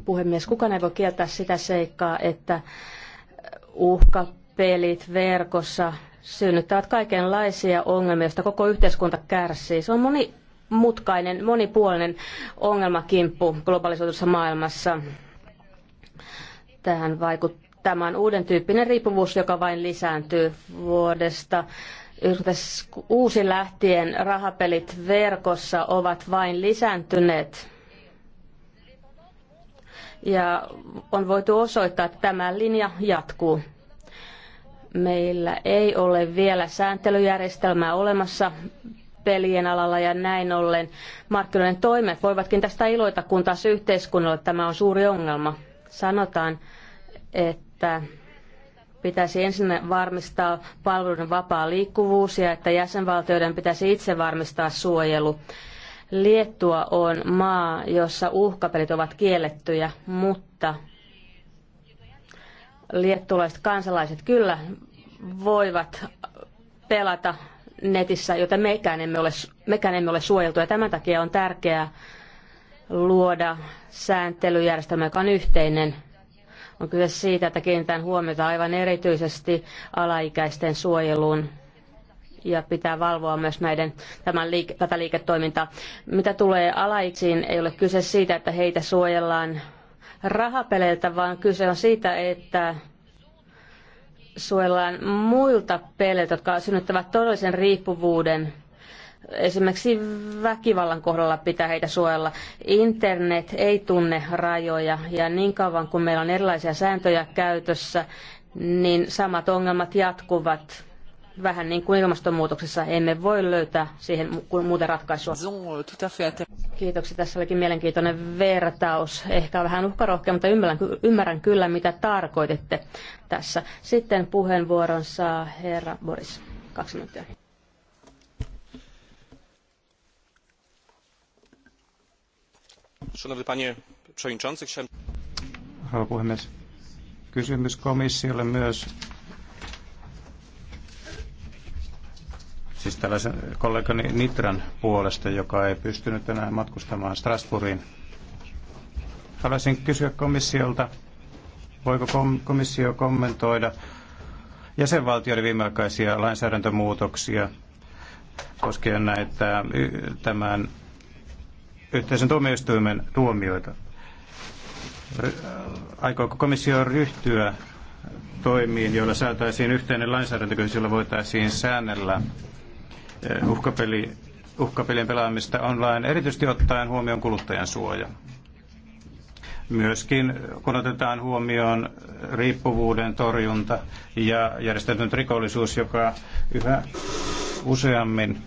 Puhemies, kukaan ei voi kieltää sitä seikkaa, että uhkapelit verkossa synnyttävät kaikenlaisia ongelmia, joista koko yhteiskunta kärsii. Se on moni monimutkainen, monipuolinen ongelmakimppu globalisoitussa maailmassa. Tähän vaikuttaa tämän uuden tyyppinen riippuvuus, joka vain lisääntyy vuodesta uusi lähtien rahapelit verkossa ovat vain lisääntyneet. Ja on voitu osoittaa, että tämä linja jatkuu. Meillä ei ole vielä sääntelyjärjestelmää olemassa pelien alalla ja näin ollen markkinoiden toimet voivatkin tästä iloita, kun taas yhteiskunnalle tämä on suuri ongelma. Sanotaan, että pitäisi ensin varmistaa palveluiden vapaa liikkuvuus ja että jäsenvaltioiden pitäisi itse varmistaa suojelu. Liettua on maa, jossa uhkapelit ovat kiellettyjä, mutta liettulaiset kansalaiset kyllä voivat pelata netissä, joten mekään emme ole, mekään emme ole suojeltuja. Tämän takia on tärkeää luoda sääntelyjärjestelmä, joka on yhteinen on kyse siitä, että kiinnitän huomiota aivan erityisesti alaikäisten suojeluun ja pitää valvoa myös näiden, tämän liike, tätä liiketoimintaa. Mitä tulee alaiksiin, ei ole kyse siitä, että heitä suojellaan rahapeleiltä, vaan kyse on siitä, että suojellaan muilta peleiltä, jotka synnyttävät todellisen riippuvuuden – Esimerkiksi väkivallan kohdalla pitää heitä suojella. Internet ei tunne rajoja ja niin kauan kuin meillä on erilaisia sääntöjä käytössä, niin samat ongelmat jatkuvat. Vähän niin kuin ilmastonmuutoksessa emme voi löytää siihen muuten ratkaisua. Kiitoksia. Tässä olikin mielenkiintoinen vertaus. Ehkä vähän uhkarohkea, mutta ymmärrän, ymmärrän kyllä, mitä tarkoititte tässä. Sitten puheenvuoron saa herra Boris. Kaksi minuuttia. Szanowny panie przewodniczący, chciałem... Rouva puhemies. Kysymys komissiolle myös. Siis tällaisen kollegani Nitran puolesta, joka ei pystynyt tänään matkustamaan Strasbourgiin. Haluaisin kysyä komissiolta, voiko komissio kommentoida jäsenvaltioiden viimeaikaisia lainsäädäntömuutoksia koskien näitä tämän yhteisen tuomioistuimen tuomioita. Äh, Aikooko komissio ryhtyä toimiin, joilla saataisiin yhteinen lainsäädäntö, jolla voitaisiin säännellä äh, uhkapeli, uhkapelien pelaamista online, erityisesti ottaen huomioon kuluttajan suoja. Myöskin äh, kun otetaan huomioon riippuvuuden torjunta ja järjestäytynyt rikollisuus, joka yhä useammin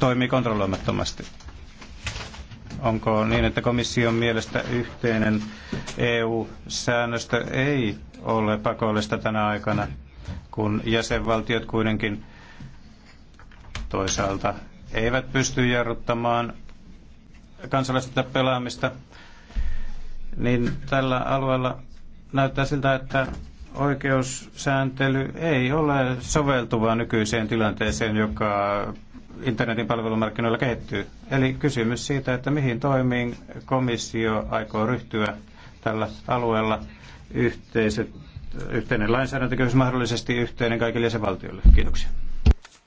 toimii kontrolloimattomasti. Onko niin, että komission mielestä yhteinen EU-säännöstö ei ole pakollista tänä aikana, kun jäsenvaltiot kuitenkin toisaalta eivät pysty jarruttamaan kansalaisten pelaamista, niin tällä alueella näyttää siltä, että oikeussääntely ei ole soveltuvaa nykyiseen tilanteeseen, joka internetin palvelumarkkinoilla kehittyy. Eli kysymys siitä, että mihin toimiin komissio aikoo ryhtyä tällä alueella yhteiset, yhteinen lainsäädäntökehys mahdollisesti yhteinen kaikille jäsenvaltioille. Kiitoksia.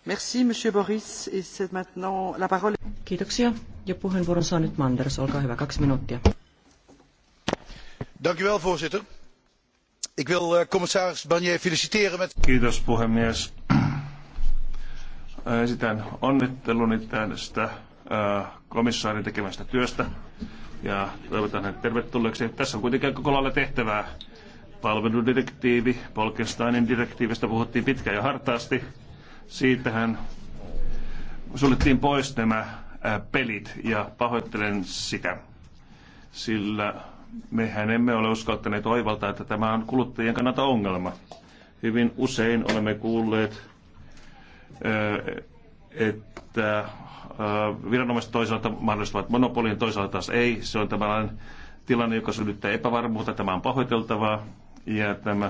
Merci, monsieur Boris. maintenant la parole. Kiitoksia. Ja puheenvuoron saa nyt Manders. Olkaa hyvä, kaksi minuuttia. Dank u wel, voorzitter. Ik wil eh, commissaris Barnier feliciteren met... Kiitos, puhemies esitän onnitteluni tästä komissaarin tekemästä työstä ja toivotan hänet tervetulleeksi. Tässä on kuitenkin koko lailla tehtävää. Palveludirektiivi, Polkensteinin direktiivistä puhuttiin pitkään ja hartaasti. Siitähän suljettiin pois nämä pelit ja pahoittelen sitä, sillä mehän emme ole uskaltaneet oivaltaa, että tämä on kuluttajien kannalta ongelma. Hyvin usein olemme kuulleet että viranomaiset toisaalta mahdollistavat monopolin, toisaalta taas ei. Se on tavallaan tilanne, joka synnyttää epävarmuutta. Tämä on pahoiteltavaa ja tämä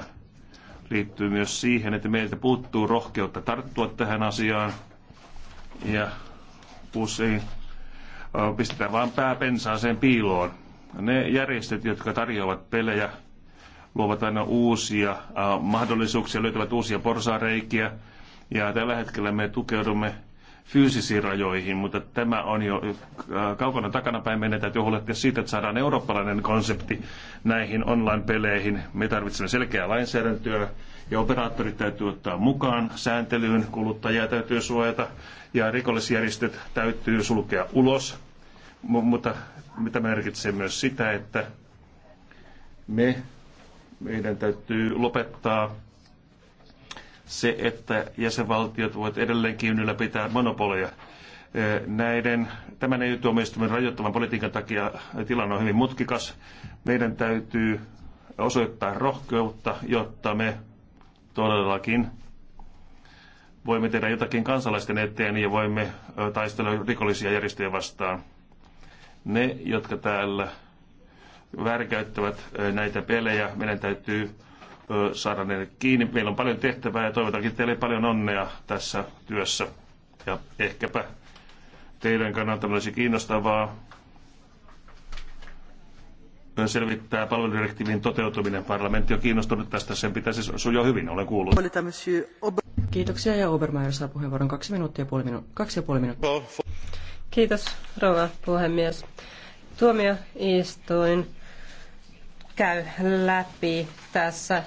liittyy myös siihen, että meiltä puuttuu rohkeutta tarttua tähän asiaan ja usein pistetään vain pääpensaaseen piiloon. Ne järjestöt, jotka tarjoavat pelejä, luovat aina uusia mahdollisuuksia, löytävät uusia porsaareikiä, ja tällä hetkellä me tukeudumme fyysisiin rajoihin, mutta tämä on jo äh, kaukana takanapäin. Meidän täytyy huolehtia siitä, että saadaan eurooppalainen konsepti näihin online-peleihin. Me tarvitsemme selkeää lainsäädäntöä ja operaattorit täytyy ottaa mukaan sääntelyyn, kuluttajia täytyy suojata ja rikollisjärjestöt täytyy sulkea ulos. mutta mitä merkitsee myös sitä, että me, meidän täytyy lopettaa se, että jäsenvaltiot voivat edelleenkin ylläpitää monopoleja. Näiden, tämän EU-tuomioistuimen rajoittavan politiikan takia tilanne on hyvin mutkikas. Meidän täytyy osoittaa rohkeutta, jotta me todellakin voimme tehdä jotakin kansalaisten eteen ja voimme taistella rikollisia järjestöjä vastaan. Ne, jotka täällä väärinkäyttävät näitä pelejä, meidän täytyy saada ne kiinni. Meillä on paljon tehtävää ja toivotankin teille paljon onnea tässä työssä. Ja ehkäpä teidän kannalta olisi kiinnostavaa selvittää palveludirektiivin toteutuminen. Parlamentti on kiinnostunut tästä, sen pitäisi sujua hyvin, olen kuullut. Kiitoksia ja Obermeier saa puheenvuoron kaksi minuuttia puoli minu- kaksi ja puoli minuuttia. Kiitos rouva puhemies. Tuomioistuin käy läpi tässä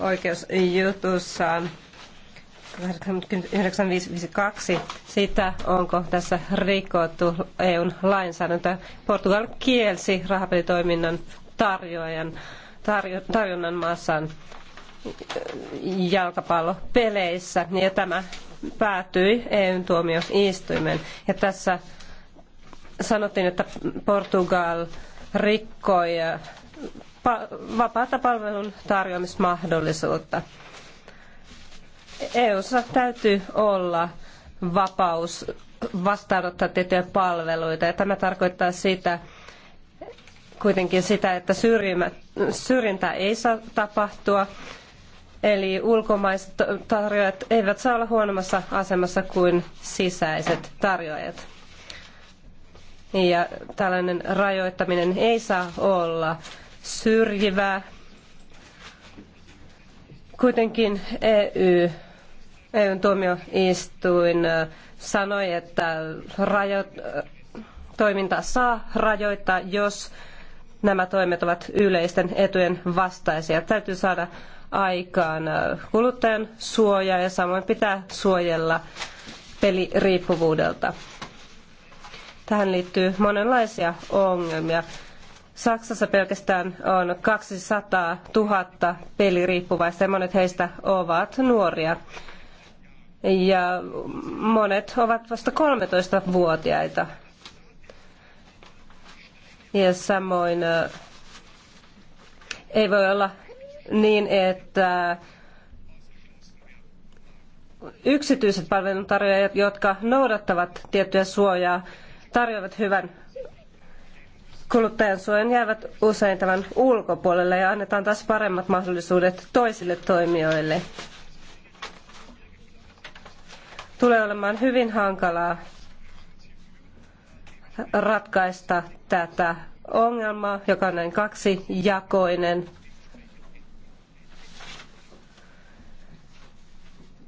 oikeusjutussa 8952 sitä, onko tässä rikottu EUn lainsäädäntöä. Portugal kielsi rahapelitoiminnan tarjoajan, tarjo, tarjonnan maassaan jalkapallopeleissä ja tämä päätyi EUn tuomioistuimen. Ja tässä sanottiin, että Portugal rikkoi vapaata palvelun tarjoamismahdollisuutta. EU-ssa täytyy olla vapaus vastaanottaa tiettyjä palveluita ja tämä tarkoittaa sitä, kuitenkin sitä, että syrjintää ei saa tapahtua. Eli ulkomaiset tarjoajat eivät saa olla huonommassa asemassa kuin sisäiset tarjoajat. Ja tällainen rajoittaminen ei saa olla syrjivää. Kuitenkin EU, EUn tuomioistuin äh, sanoi, että rajo, äh, toimintaa saa rajoittaa, jos nämä toimet ovat yleisten etujen vastaisia. Täytyy saada aikaan äh, kuluttajan suoja ja samoin pitää suojella peliriippuvuudelta. Tähän liittyy monenlaisia ongelmia. Saksassa pelkästään on 200 000 peliriippuvaista ja monet heistä ovat nuoria. Ja monet ovat vasta 13-vuotiaita. Ja samoin äh, ei voi olla niin, että yksityiset palveluntarjoajat, jotka noudattavat tiettyä suojaa, tarjoavat hyvän kuluttajan suojan jäävät usein tämän ulkopuolelle ja annetaan taas paremmat mahdollisuudet toisille toimijoille. Tulee olemaan hyvin hankalaa ratkaista tätä ongelmaa, joka on näin kaksijakoinen,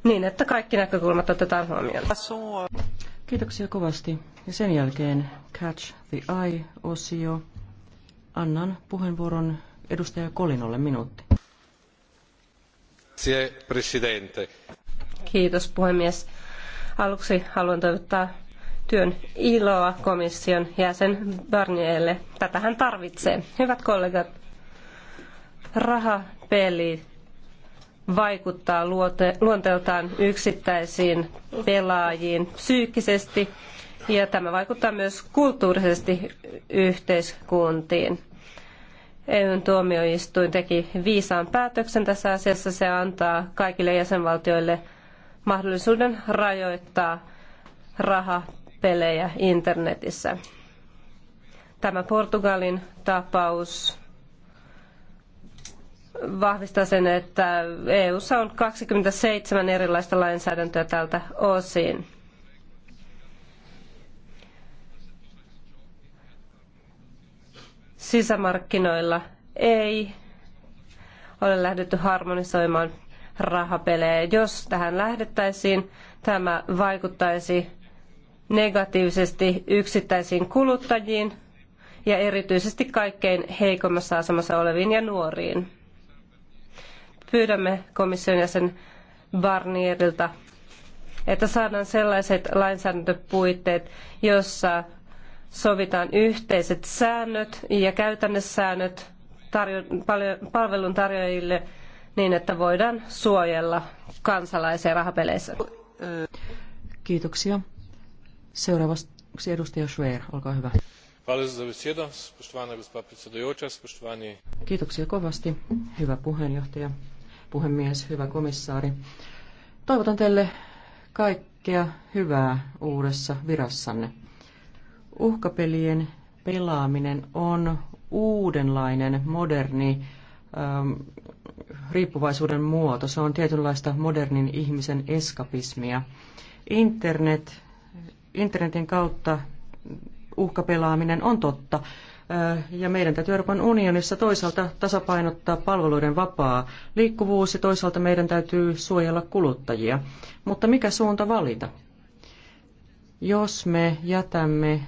niin että kaikki näkökulmat otetaan huomioon. Kiitoksia kovasti. Ja sen jälkeen Catch the Eye-osio. Annan puheenvuoron edustaja Kolinolle minuutti. Kiitos puhemies. Aluksi haluan toivottaa työn iloa komission jäsen Barnierille. Tätä hän tarvitsee. Hyvät kollegat, rahapelit vaikuttaa luonteeltaan yksittäisiin pelaajiin psyykkisesti ja tämä vaikuttaa myös kulttuurisesti yhteiskuntiin. EUn tuomioistuin teki viisaan päätöksen tässä asiassa. Se antaa kaikille jäsenvaltioille mahdollisuuden rajoittaa rahapelejä internetissä. Tämä Portugalin tapaus vahvistaa sen, että EU:ssa on 27 erilaista lainsäädäntöä tältä osin. Sisämarkkinoilla ei ole lähdetty harmonisoimaan rahapelejä. Jos tähän lähdettäisiin, tämä vaikuttaisi negatiivisesti yksittäisiin kuluttajiin ja erityisesti kaikkein heikommassa asemassa oleviin ja nuoriin pyydämme komission jäsen Barnierilta, että saadaan sellaiset lainsäädäntöpuitteet, jossa sovitaan yhteiset säännöt ja käytännössäännöt tarjo- palvelun tarjoajille niin, että voidaan suojella kansalaisia rahapeleissä. Kiitoksia. Seuraavaksi edustaja Schwer, olkaa hyvä. Kiitoksia kovasti, hyvä puheenjohtaja, puhemies, hyvä komissaari. Toivotan teille kaikkea hyvää uudessa virassanne. Uhkapelien pelaaminen on uudenlainen, moderni ähm, riippuvaisuuden muoto. Se on tietynlaista modernin ihmisen eskapismia. Internet, internetin kautta uhkapelaaminen on totta ja meidän täytyy Euroopan unionissa toisaalta tasapainottaa palveluiden vapaa liikkuvuus ja toisaalta meidän täytyy suojella kuluttajia. Mutta mikä suunta valita? Jos me jätämme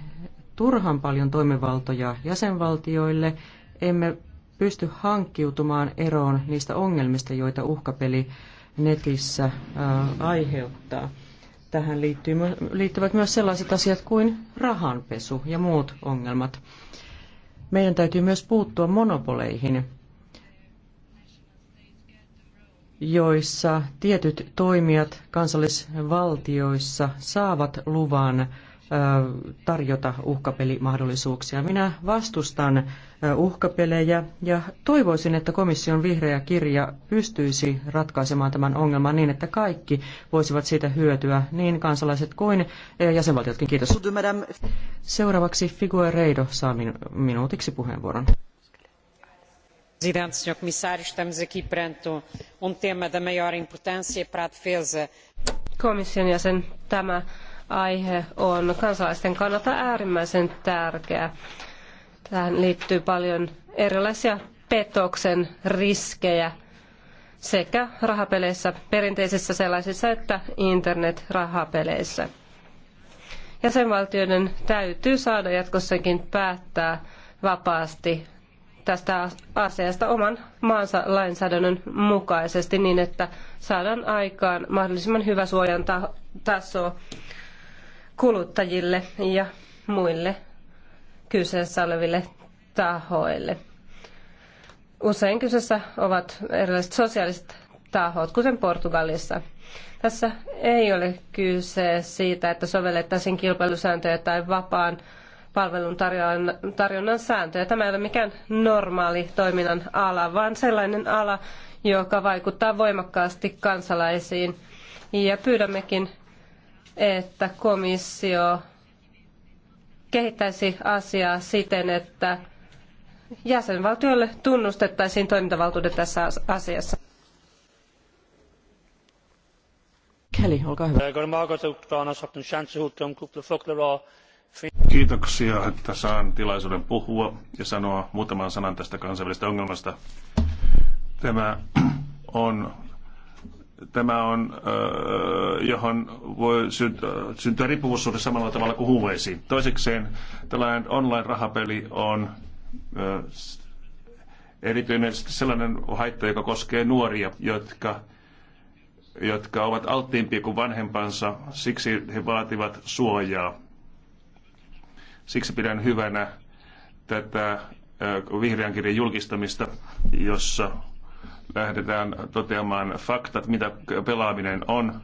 turhan paljon toimivaltoja jäsenvaltioille, emme pysty hankkiutumaan eroon niistä ongelmista, joita uhkapeli netissä aiheuttaa. Tähän liittyy, liittyvät myös sellaiset asiat kuin rahanpesu ja muut ongelmat. Meidän täytyy myös puuttua monopoleihin, joissa tietyt toimijat kansallisvaltioissa saavat luvan tarjota uhkapelimahdollisuuksia. Minä vastustan uhkapelejä ja toivoisin, että komission vihreä kirja pystyisi ratkaisemaan tämän ongelman niin, että kaikki voisivat siitä hyötyä, niin kansalaiset kuin jäsenvaltiotkin. Kiitos. Seuraavaksi Figue Reido saa minuutiksi puheenvuoron presidente senhor comissário estamos aqui perante um tema da maior importância para a defesa komission jäsen tämä aihe on kansalaisten kannalta äärimmäisen tärkeä. Tähän liittyy paljon erilaisia petoksen riskejä sekä rahapeleissä, perinteisissä sellaisissa että internet-rahapeleissä. Jäsenvaltioiden täytyy saada jatkossakin päättää vapaasti tästä asiasta oman maansa lainsäädännön mukaisesti niin, että saadaan aikaan mahdollisimman hyvä suojan taso kuluttajille ja muille kyseessä oleville tahoille. Usein kyseessä ovat erilaiset sosiaaliset tahot, kuten Portugalissa. Tässä ei ole kyse siitä, että sovellettaisiin kilpailusääntöjä tai vapaan palvelun tarjonnan sääntöjä. Tämä ei ole mikään normaali toiminnan ala, vaan sellainen ala, joka vaikuttaa voimakkaasti kansalaisiin. Ja pyydämmekin että komissio kehittäisi asiaa siten, että jäsenvaltioille tunnustettaisiin toimintavaltuudet tässä asiassa. Kelly, olkaa hyvä. Kiitoksia, että saan tilaisuuden puhua ja sanoa muutaman sanan tästä kansainvälisestä ongelmasta. Tämä on tämä on, äh, johon voi äh, syntyä riippuvuussuhde samalla tavalla kuin huumeisiin. Toisekseen tällainen online-rahapeli on äh, erityisesti sellainen haitta, joka koskee nuoria, jotka, jotka ovat alttiimpia kuin vanhempansa, siksi he vaativat suojaa. Siksi pidän hyvänä tätä vihreän kirjan julkistamista, jossa lähdetään toteamaan faktat, mitä pelaaminen on.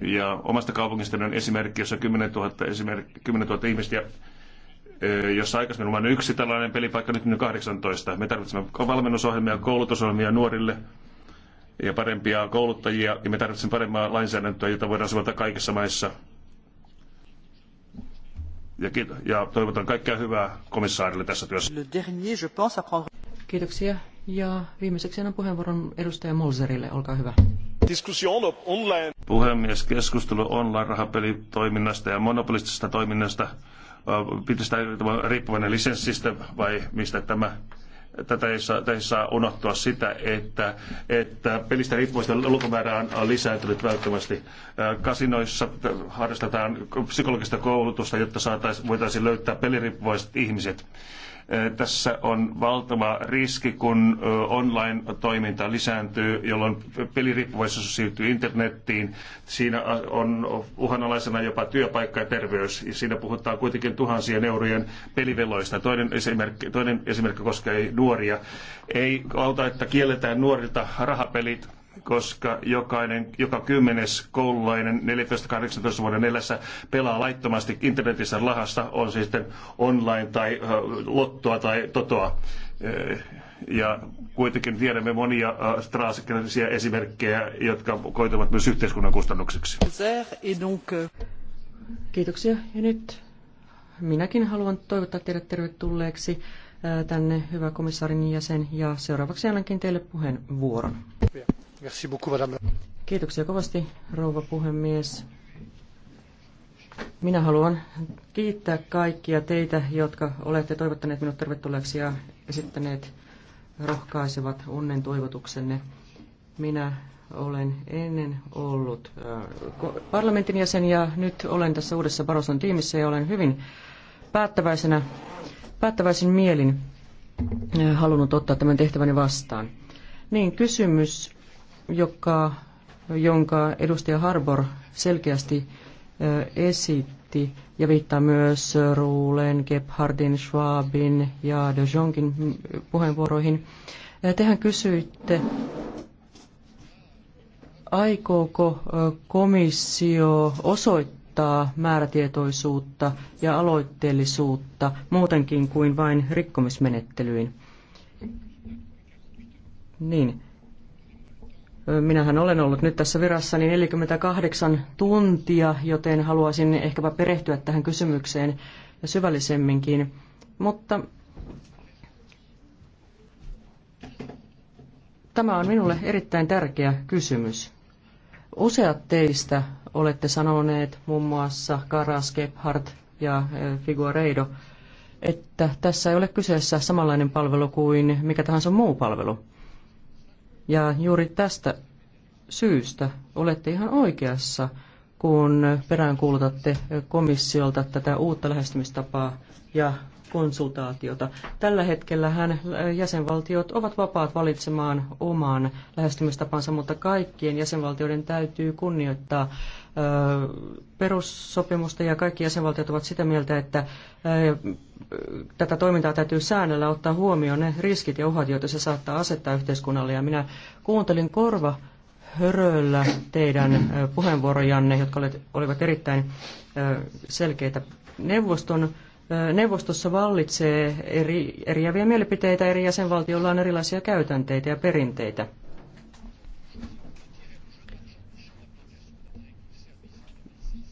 Ja omasta kaupungistani on esimerkki, jossa on 10 000, esimerk- 10 000 ihmistä ja jossa aikaisemmin on yksi tällainen pelipaikka, nyt on 18. Me tarvitsemme valmennusohjelmia, koulutusohjelmia nuorille ja parempia kouluttajia, ja me tarvitsemme parempaa lainsäädäntöä, jota voidaan suvata kaikissa maissa. Ja, ja toivotan kaikkea hyvää komissaarille tässä työssä. Kiitoksia. Ja viimeiseksi annan puheenvuoron edustaja Mulzerille. Olkaa hyvä. Online. Puhemies, keskustelu online-rahapelitoiminnasta ja monopolistisesta toiminnasta, pitäisi tämä riippuvainen lisenssistä vai mistä tämä tätä ei saa, ei saa unohtua sitä, että, että pelistä riippuvaista lukumäärä on lisääntynyt välttämättä. Kasinoissa harrastetaan psykologista koulutusta, jotta saatais, voitaisiin löytää peliriippuvaiset ihmiset. Tässä on valtava riski, kun online-toiminta lisääntyy, jolloin peliriippuvaisuus siirtyy internettiin. Siinä on uhanalaisena jopa työpaikka ja terveys. Ja siinä puhutaan kuitenkin tuhansien eurojen peliveloista. Toinen esimerkki, toinen esimerkki koskee nuoria. Ei auta, että kielletään nuorilta rahapelit, koska jokainen, joka kymmenes koululainen 14-18-vuoden elässä pelaa laittomasti internetissä lahassa, on siis sitten online tai lottoa tai totoa. Ja kuitenkin tiedämme monia strategisia esimerkkejä, jotka koituvat myös yhteiskunnan kustannukseksi. Kiitoksia. Ja nyt minäkin haluan toivottaa teidät tervetulleeksi tänne, hyvä komissaarin jäsen, ja seuraavaksi annankin teille puheenvuoron. Yeah. Kiitoksia kovasti, rouva puhemies. Minä haluan kiittää kaikkia teitä, jotka olette toivottaneet minut tervetulleeksi ja esittäneet rohkaisevat onnen toivotuksenne. Minä olen ennen ollut äh, parlamentin jäsen ja nyt olen tässä uudessa Baroson tiimissä ja olen hyvin päättäväisenä, päättäväisin mielin äh, halunnut ottaa tämän tehtäväni vastaan. Niin, kysymys joka, jonka edustaja Harbor selkeästi esitti, ja viittaa myös Ruulen, Gebhardin, Schwabin ja De Jongin mm, puheenvuoroihin. Tehän kysyitte, aikooko komissio osoittaa määrätietoisuutta ja aloitteellisuutta muutenkin kuin vain rikkomismenettelyyn? Niin. Minähän olen ollut nyt tässä niin 48 tuntia, joten haluaisin ehkäpä perehtyä tähän kysymykseen syvällisemminkin. Mutta tämä on minulle erittäin tärkeä kysymys. Useat teistä olette sanoneet, muun muassa Karas, Gebhardt ja eh, Figuareido, että tässä ei ole kyseessä samanlainen palvelu kuin mikä tahansa muu palvelu – ja juuri tästä syystä olette ihan oikeassa, kun peräänkuulutatte komissiolta tätä uutta lähestymistapaa ja konsultaatiota. Tällä hetkellä jäsenvaltiot ovat vapaat valitsemaan oman lähestymistapansa, mutta kaikkien jäsenvaltioiden täytyy kunnioittaa perussopimusta ja kaikki jäsenvaltiot ovat sitä mieltä, että tätä toimintaa täytyy säännellä ottaa huomioon ne riskit ja uhat, joita se saattaa asettaa yhteiskunnalle. Ja minä kuuntelin korva höröllä teidän puheenvuorojanne, jotka olivat erittäin selkeitä. Neuvoston, neuvostossa vallitsee eri, eriäviä mielipiteitä, eri jäsenvaltioilla on erilaisia käytänteitä ja perinteitä.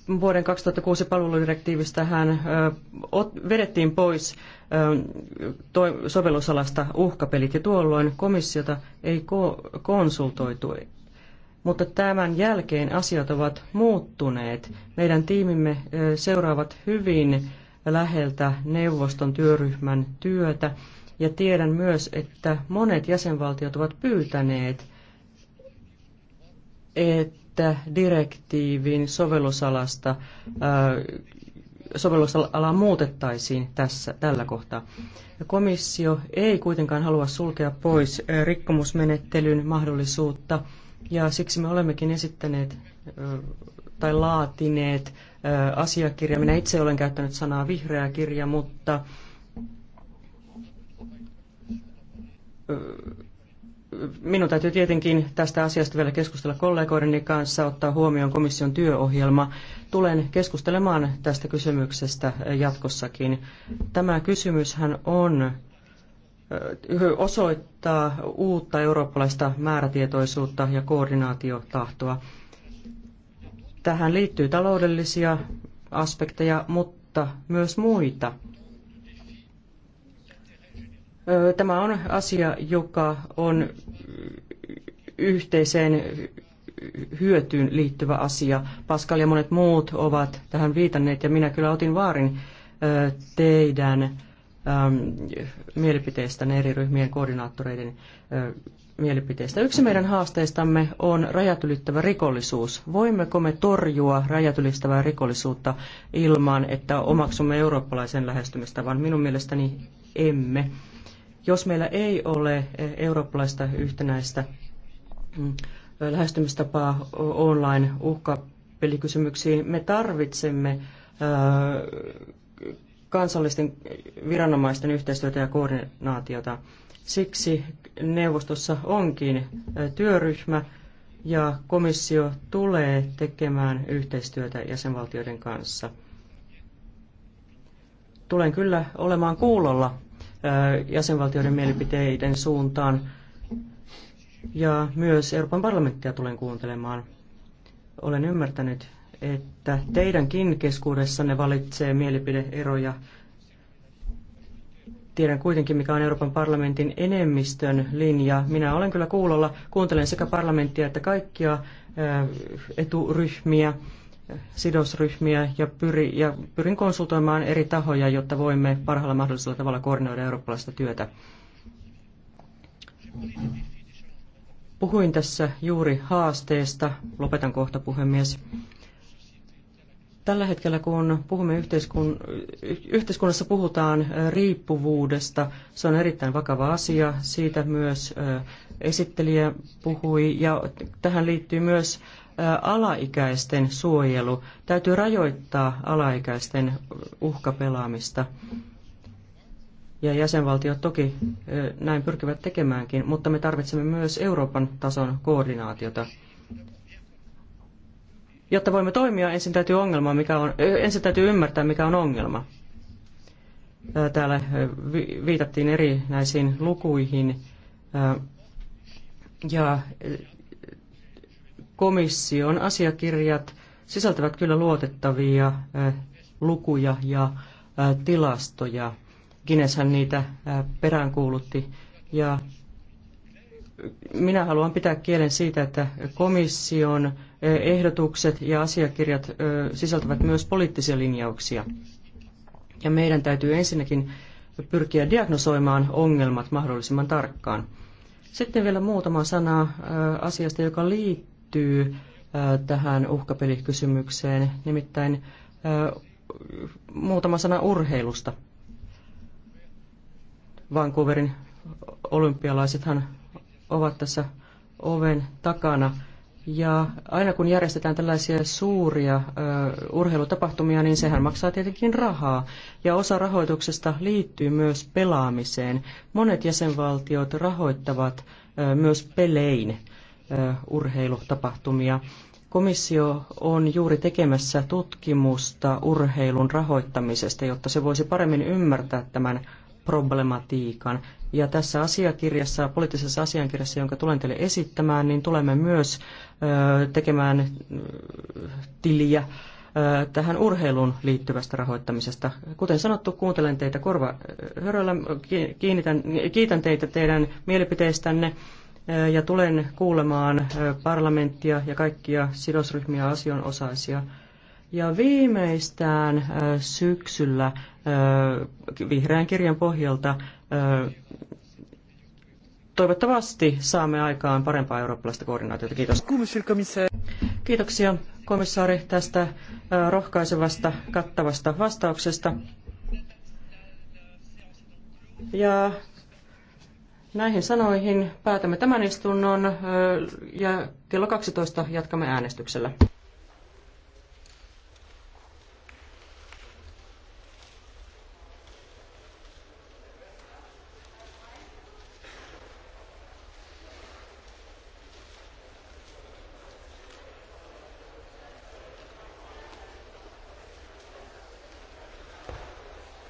vuoden 2006 palveludirektiivistä hän vedettiin pois sovellusalasta uhkapelit ja tuolloin komissiota ei konsultoitu. Mutta tämän jälkeen asiat ovat muuttuneet. Meidän tiimimme seuraavat hyvin läheltä neuvoston työryhmän työtä ja tiedän myös, että monet jäsenvaltiot ovat pyytäneet, että että direktiivin sovellusalasta, äh, sovellusalaa muutettaisiin tässä, tällä kohtaa. Komissio ei kuitenkaan halua sulkea pois äh, rikkomusmenettelyn mahdollisuutta, ja siksi me olemmekin esittäneet äh, tai laatineet asiakirja. Minä itse olen käyttänyt sanaa vihreä kirja, mutta minun täytyy tietenkin tästä asiasta vielä keskustella kollegoideni kanssa, ottaa huomioon komission työohjelma. Tulen keskustelemaan tästä kysymyksestä äh, jatkossakin. Tämä kysymyshän on äh, osoittaa uutta eurooppalaista määrätietoisuutta ja koordinaatiotahtoa. Tähän liittyy taloudellisia aspekteja, mutta myös muita Tämä on asia, joka on yhteiseen hyötyyn liittyvä asia. Pascal ja monet muut ovat tähän viitanneet ja minä kyllä otin vaarin teidän ähm, eri ryhmien koordinaattoreiden mielipiteestä. mielipiteistä. Yksi meidän haasteistamme on rajat ylittävä rikollisuus. Voimmeko me torjua rajat ylittävää rikollisuutta ilman, että omaksumme eurooppalaisen lähestymistavan? Minun mielestäni emme. Jos meillä ei ole eh, eurooppalaista yhtenäistä mm, lähestymistapaa online uhkapelikysymyksiin, me tarvitsemme eh, kansallisten viranomaisten yhteistyötä ja koordinaatiota. Siksi neuvostossa onkin eh, työryhmä ja komissio tulee tekemään yhteistyötä jäsenvaltioiden kanssa. Tulen kyllä olemaan kuulolla jäsenvaltioiden mielipiteiden suuntaan. Ja myös Euroopan parlamenttia tulen kuuntelemaan. Olen ymmärtänyt, että teidänkin keskuudessanne valitsee mielipideeroja. Tiedän kuitenkin, mikä on Euroopan parlamentin enemmistön linja. Minä olen kyllä kuulolla, kuuntelen sekä parlamenttia että kaikkia eturyhmiä sidosryhmiä ja, pyri, ja pyrin konsultoimaan eri tahoja, jotta voimme parhaalla mahdollisella tavalla koordinoida eurooppalaista työtä. Puhuin tässä juuri haasteesta. Lopetan kohta, puhemies. Tällä hetkellä, kun puhumme yhteiskun, yhteiskunnassa puhutaan riippuvuudesta, se on erittäin vakava asia. Siitä myös esittelijä puhui ja tähän liittyy myös alaikäisten suojelu. Täytyy rajoittaa alaikäisten uhkapelaamista. Ja jäsenvaltiot toki näin pyrkivät tekemäänkin, mutta me tarvitsemme myös Euroopan tason koordinaatiota jotta voimme toimia, ensin täytyy, ongelma, mikä on, ensin täytyy ymmärtää, mikä on ongelma. Täällä viitattiin erinäisiin lukuihin ja komission asiakirjat sisältävät kyllä luotettavia lukuja ja tilastoja. Guinnesshän niitä peräänkuulutti ja minä haluan pitää kielen siitä, että komission ehdotukset ja asiakirjat sisältävät myös poliittisia linjauksia. Ja meidän täytyy ensinnäkin pyrkiä diagnosoimaan ongelmat mahdollisimman tarkkaan. Sitten vielä muutama sana asiasta, joka liittyy tähän uhkapelikysymykseen, nimittäin muutama sana urheilusta. Vancouverin olympialaisethan ovat tässä oven takana. Ja aina kun järjestetään tällaisia suuria ö, urheilutapahtumia, niin sehän maksaa tietenkin rahaa. Ja osa rahoituksesta liittyy myös pelaamiseen. Monet jäsenvaltiot rahoittavat ö, myös pelein ö, urheilutapahtumia. Komissio on juuri tekemässä tutkimusta urheilun rahoittamisesta, jotta se voisi paremmin ymmärtää tämän problematiikan. Ja tässä asiakirjassa, poliittisessa asiakirjassa, jonka tulen teille esittämään, niin tulemme myös tekemään tiliä tähän urheiluun liittyvästä rahoittamisesta. Kuten sanottu, kuuntelen teitä korva höröllä, kiinnitän, kiitän teitä teidän mielipiteistänne ja tulen kuulemaan parlamenttia ja kaikkia sidosryhmiä asianosaisia. osaisia ja viimeistään syksyllä vihreän kirjan pohjalta toivottavasti saamme aikaan parempaa eurooppalaista koordinaatiota. Kiitos. Kiitoksia komissaari tästä rohkaisevasta, kattavasta vastauksesta. Ja näihin sanoihin päätämme tämän istunnon ja kello 12 jatkamme äänestyksellä.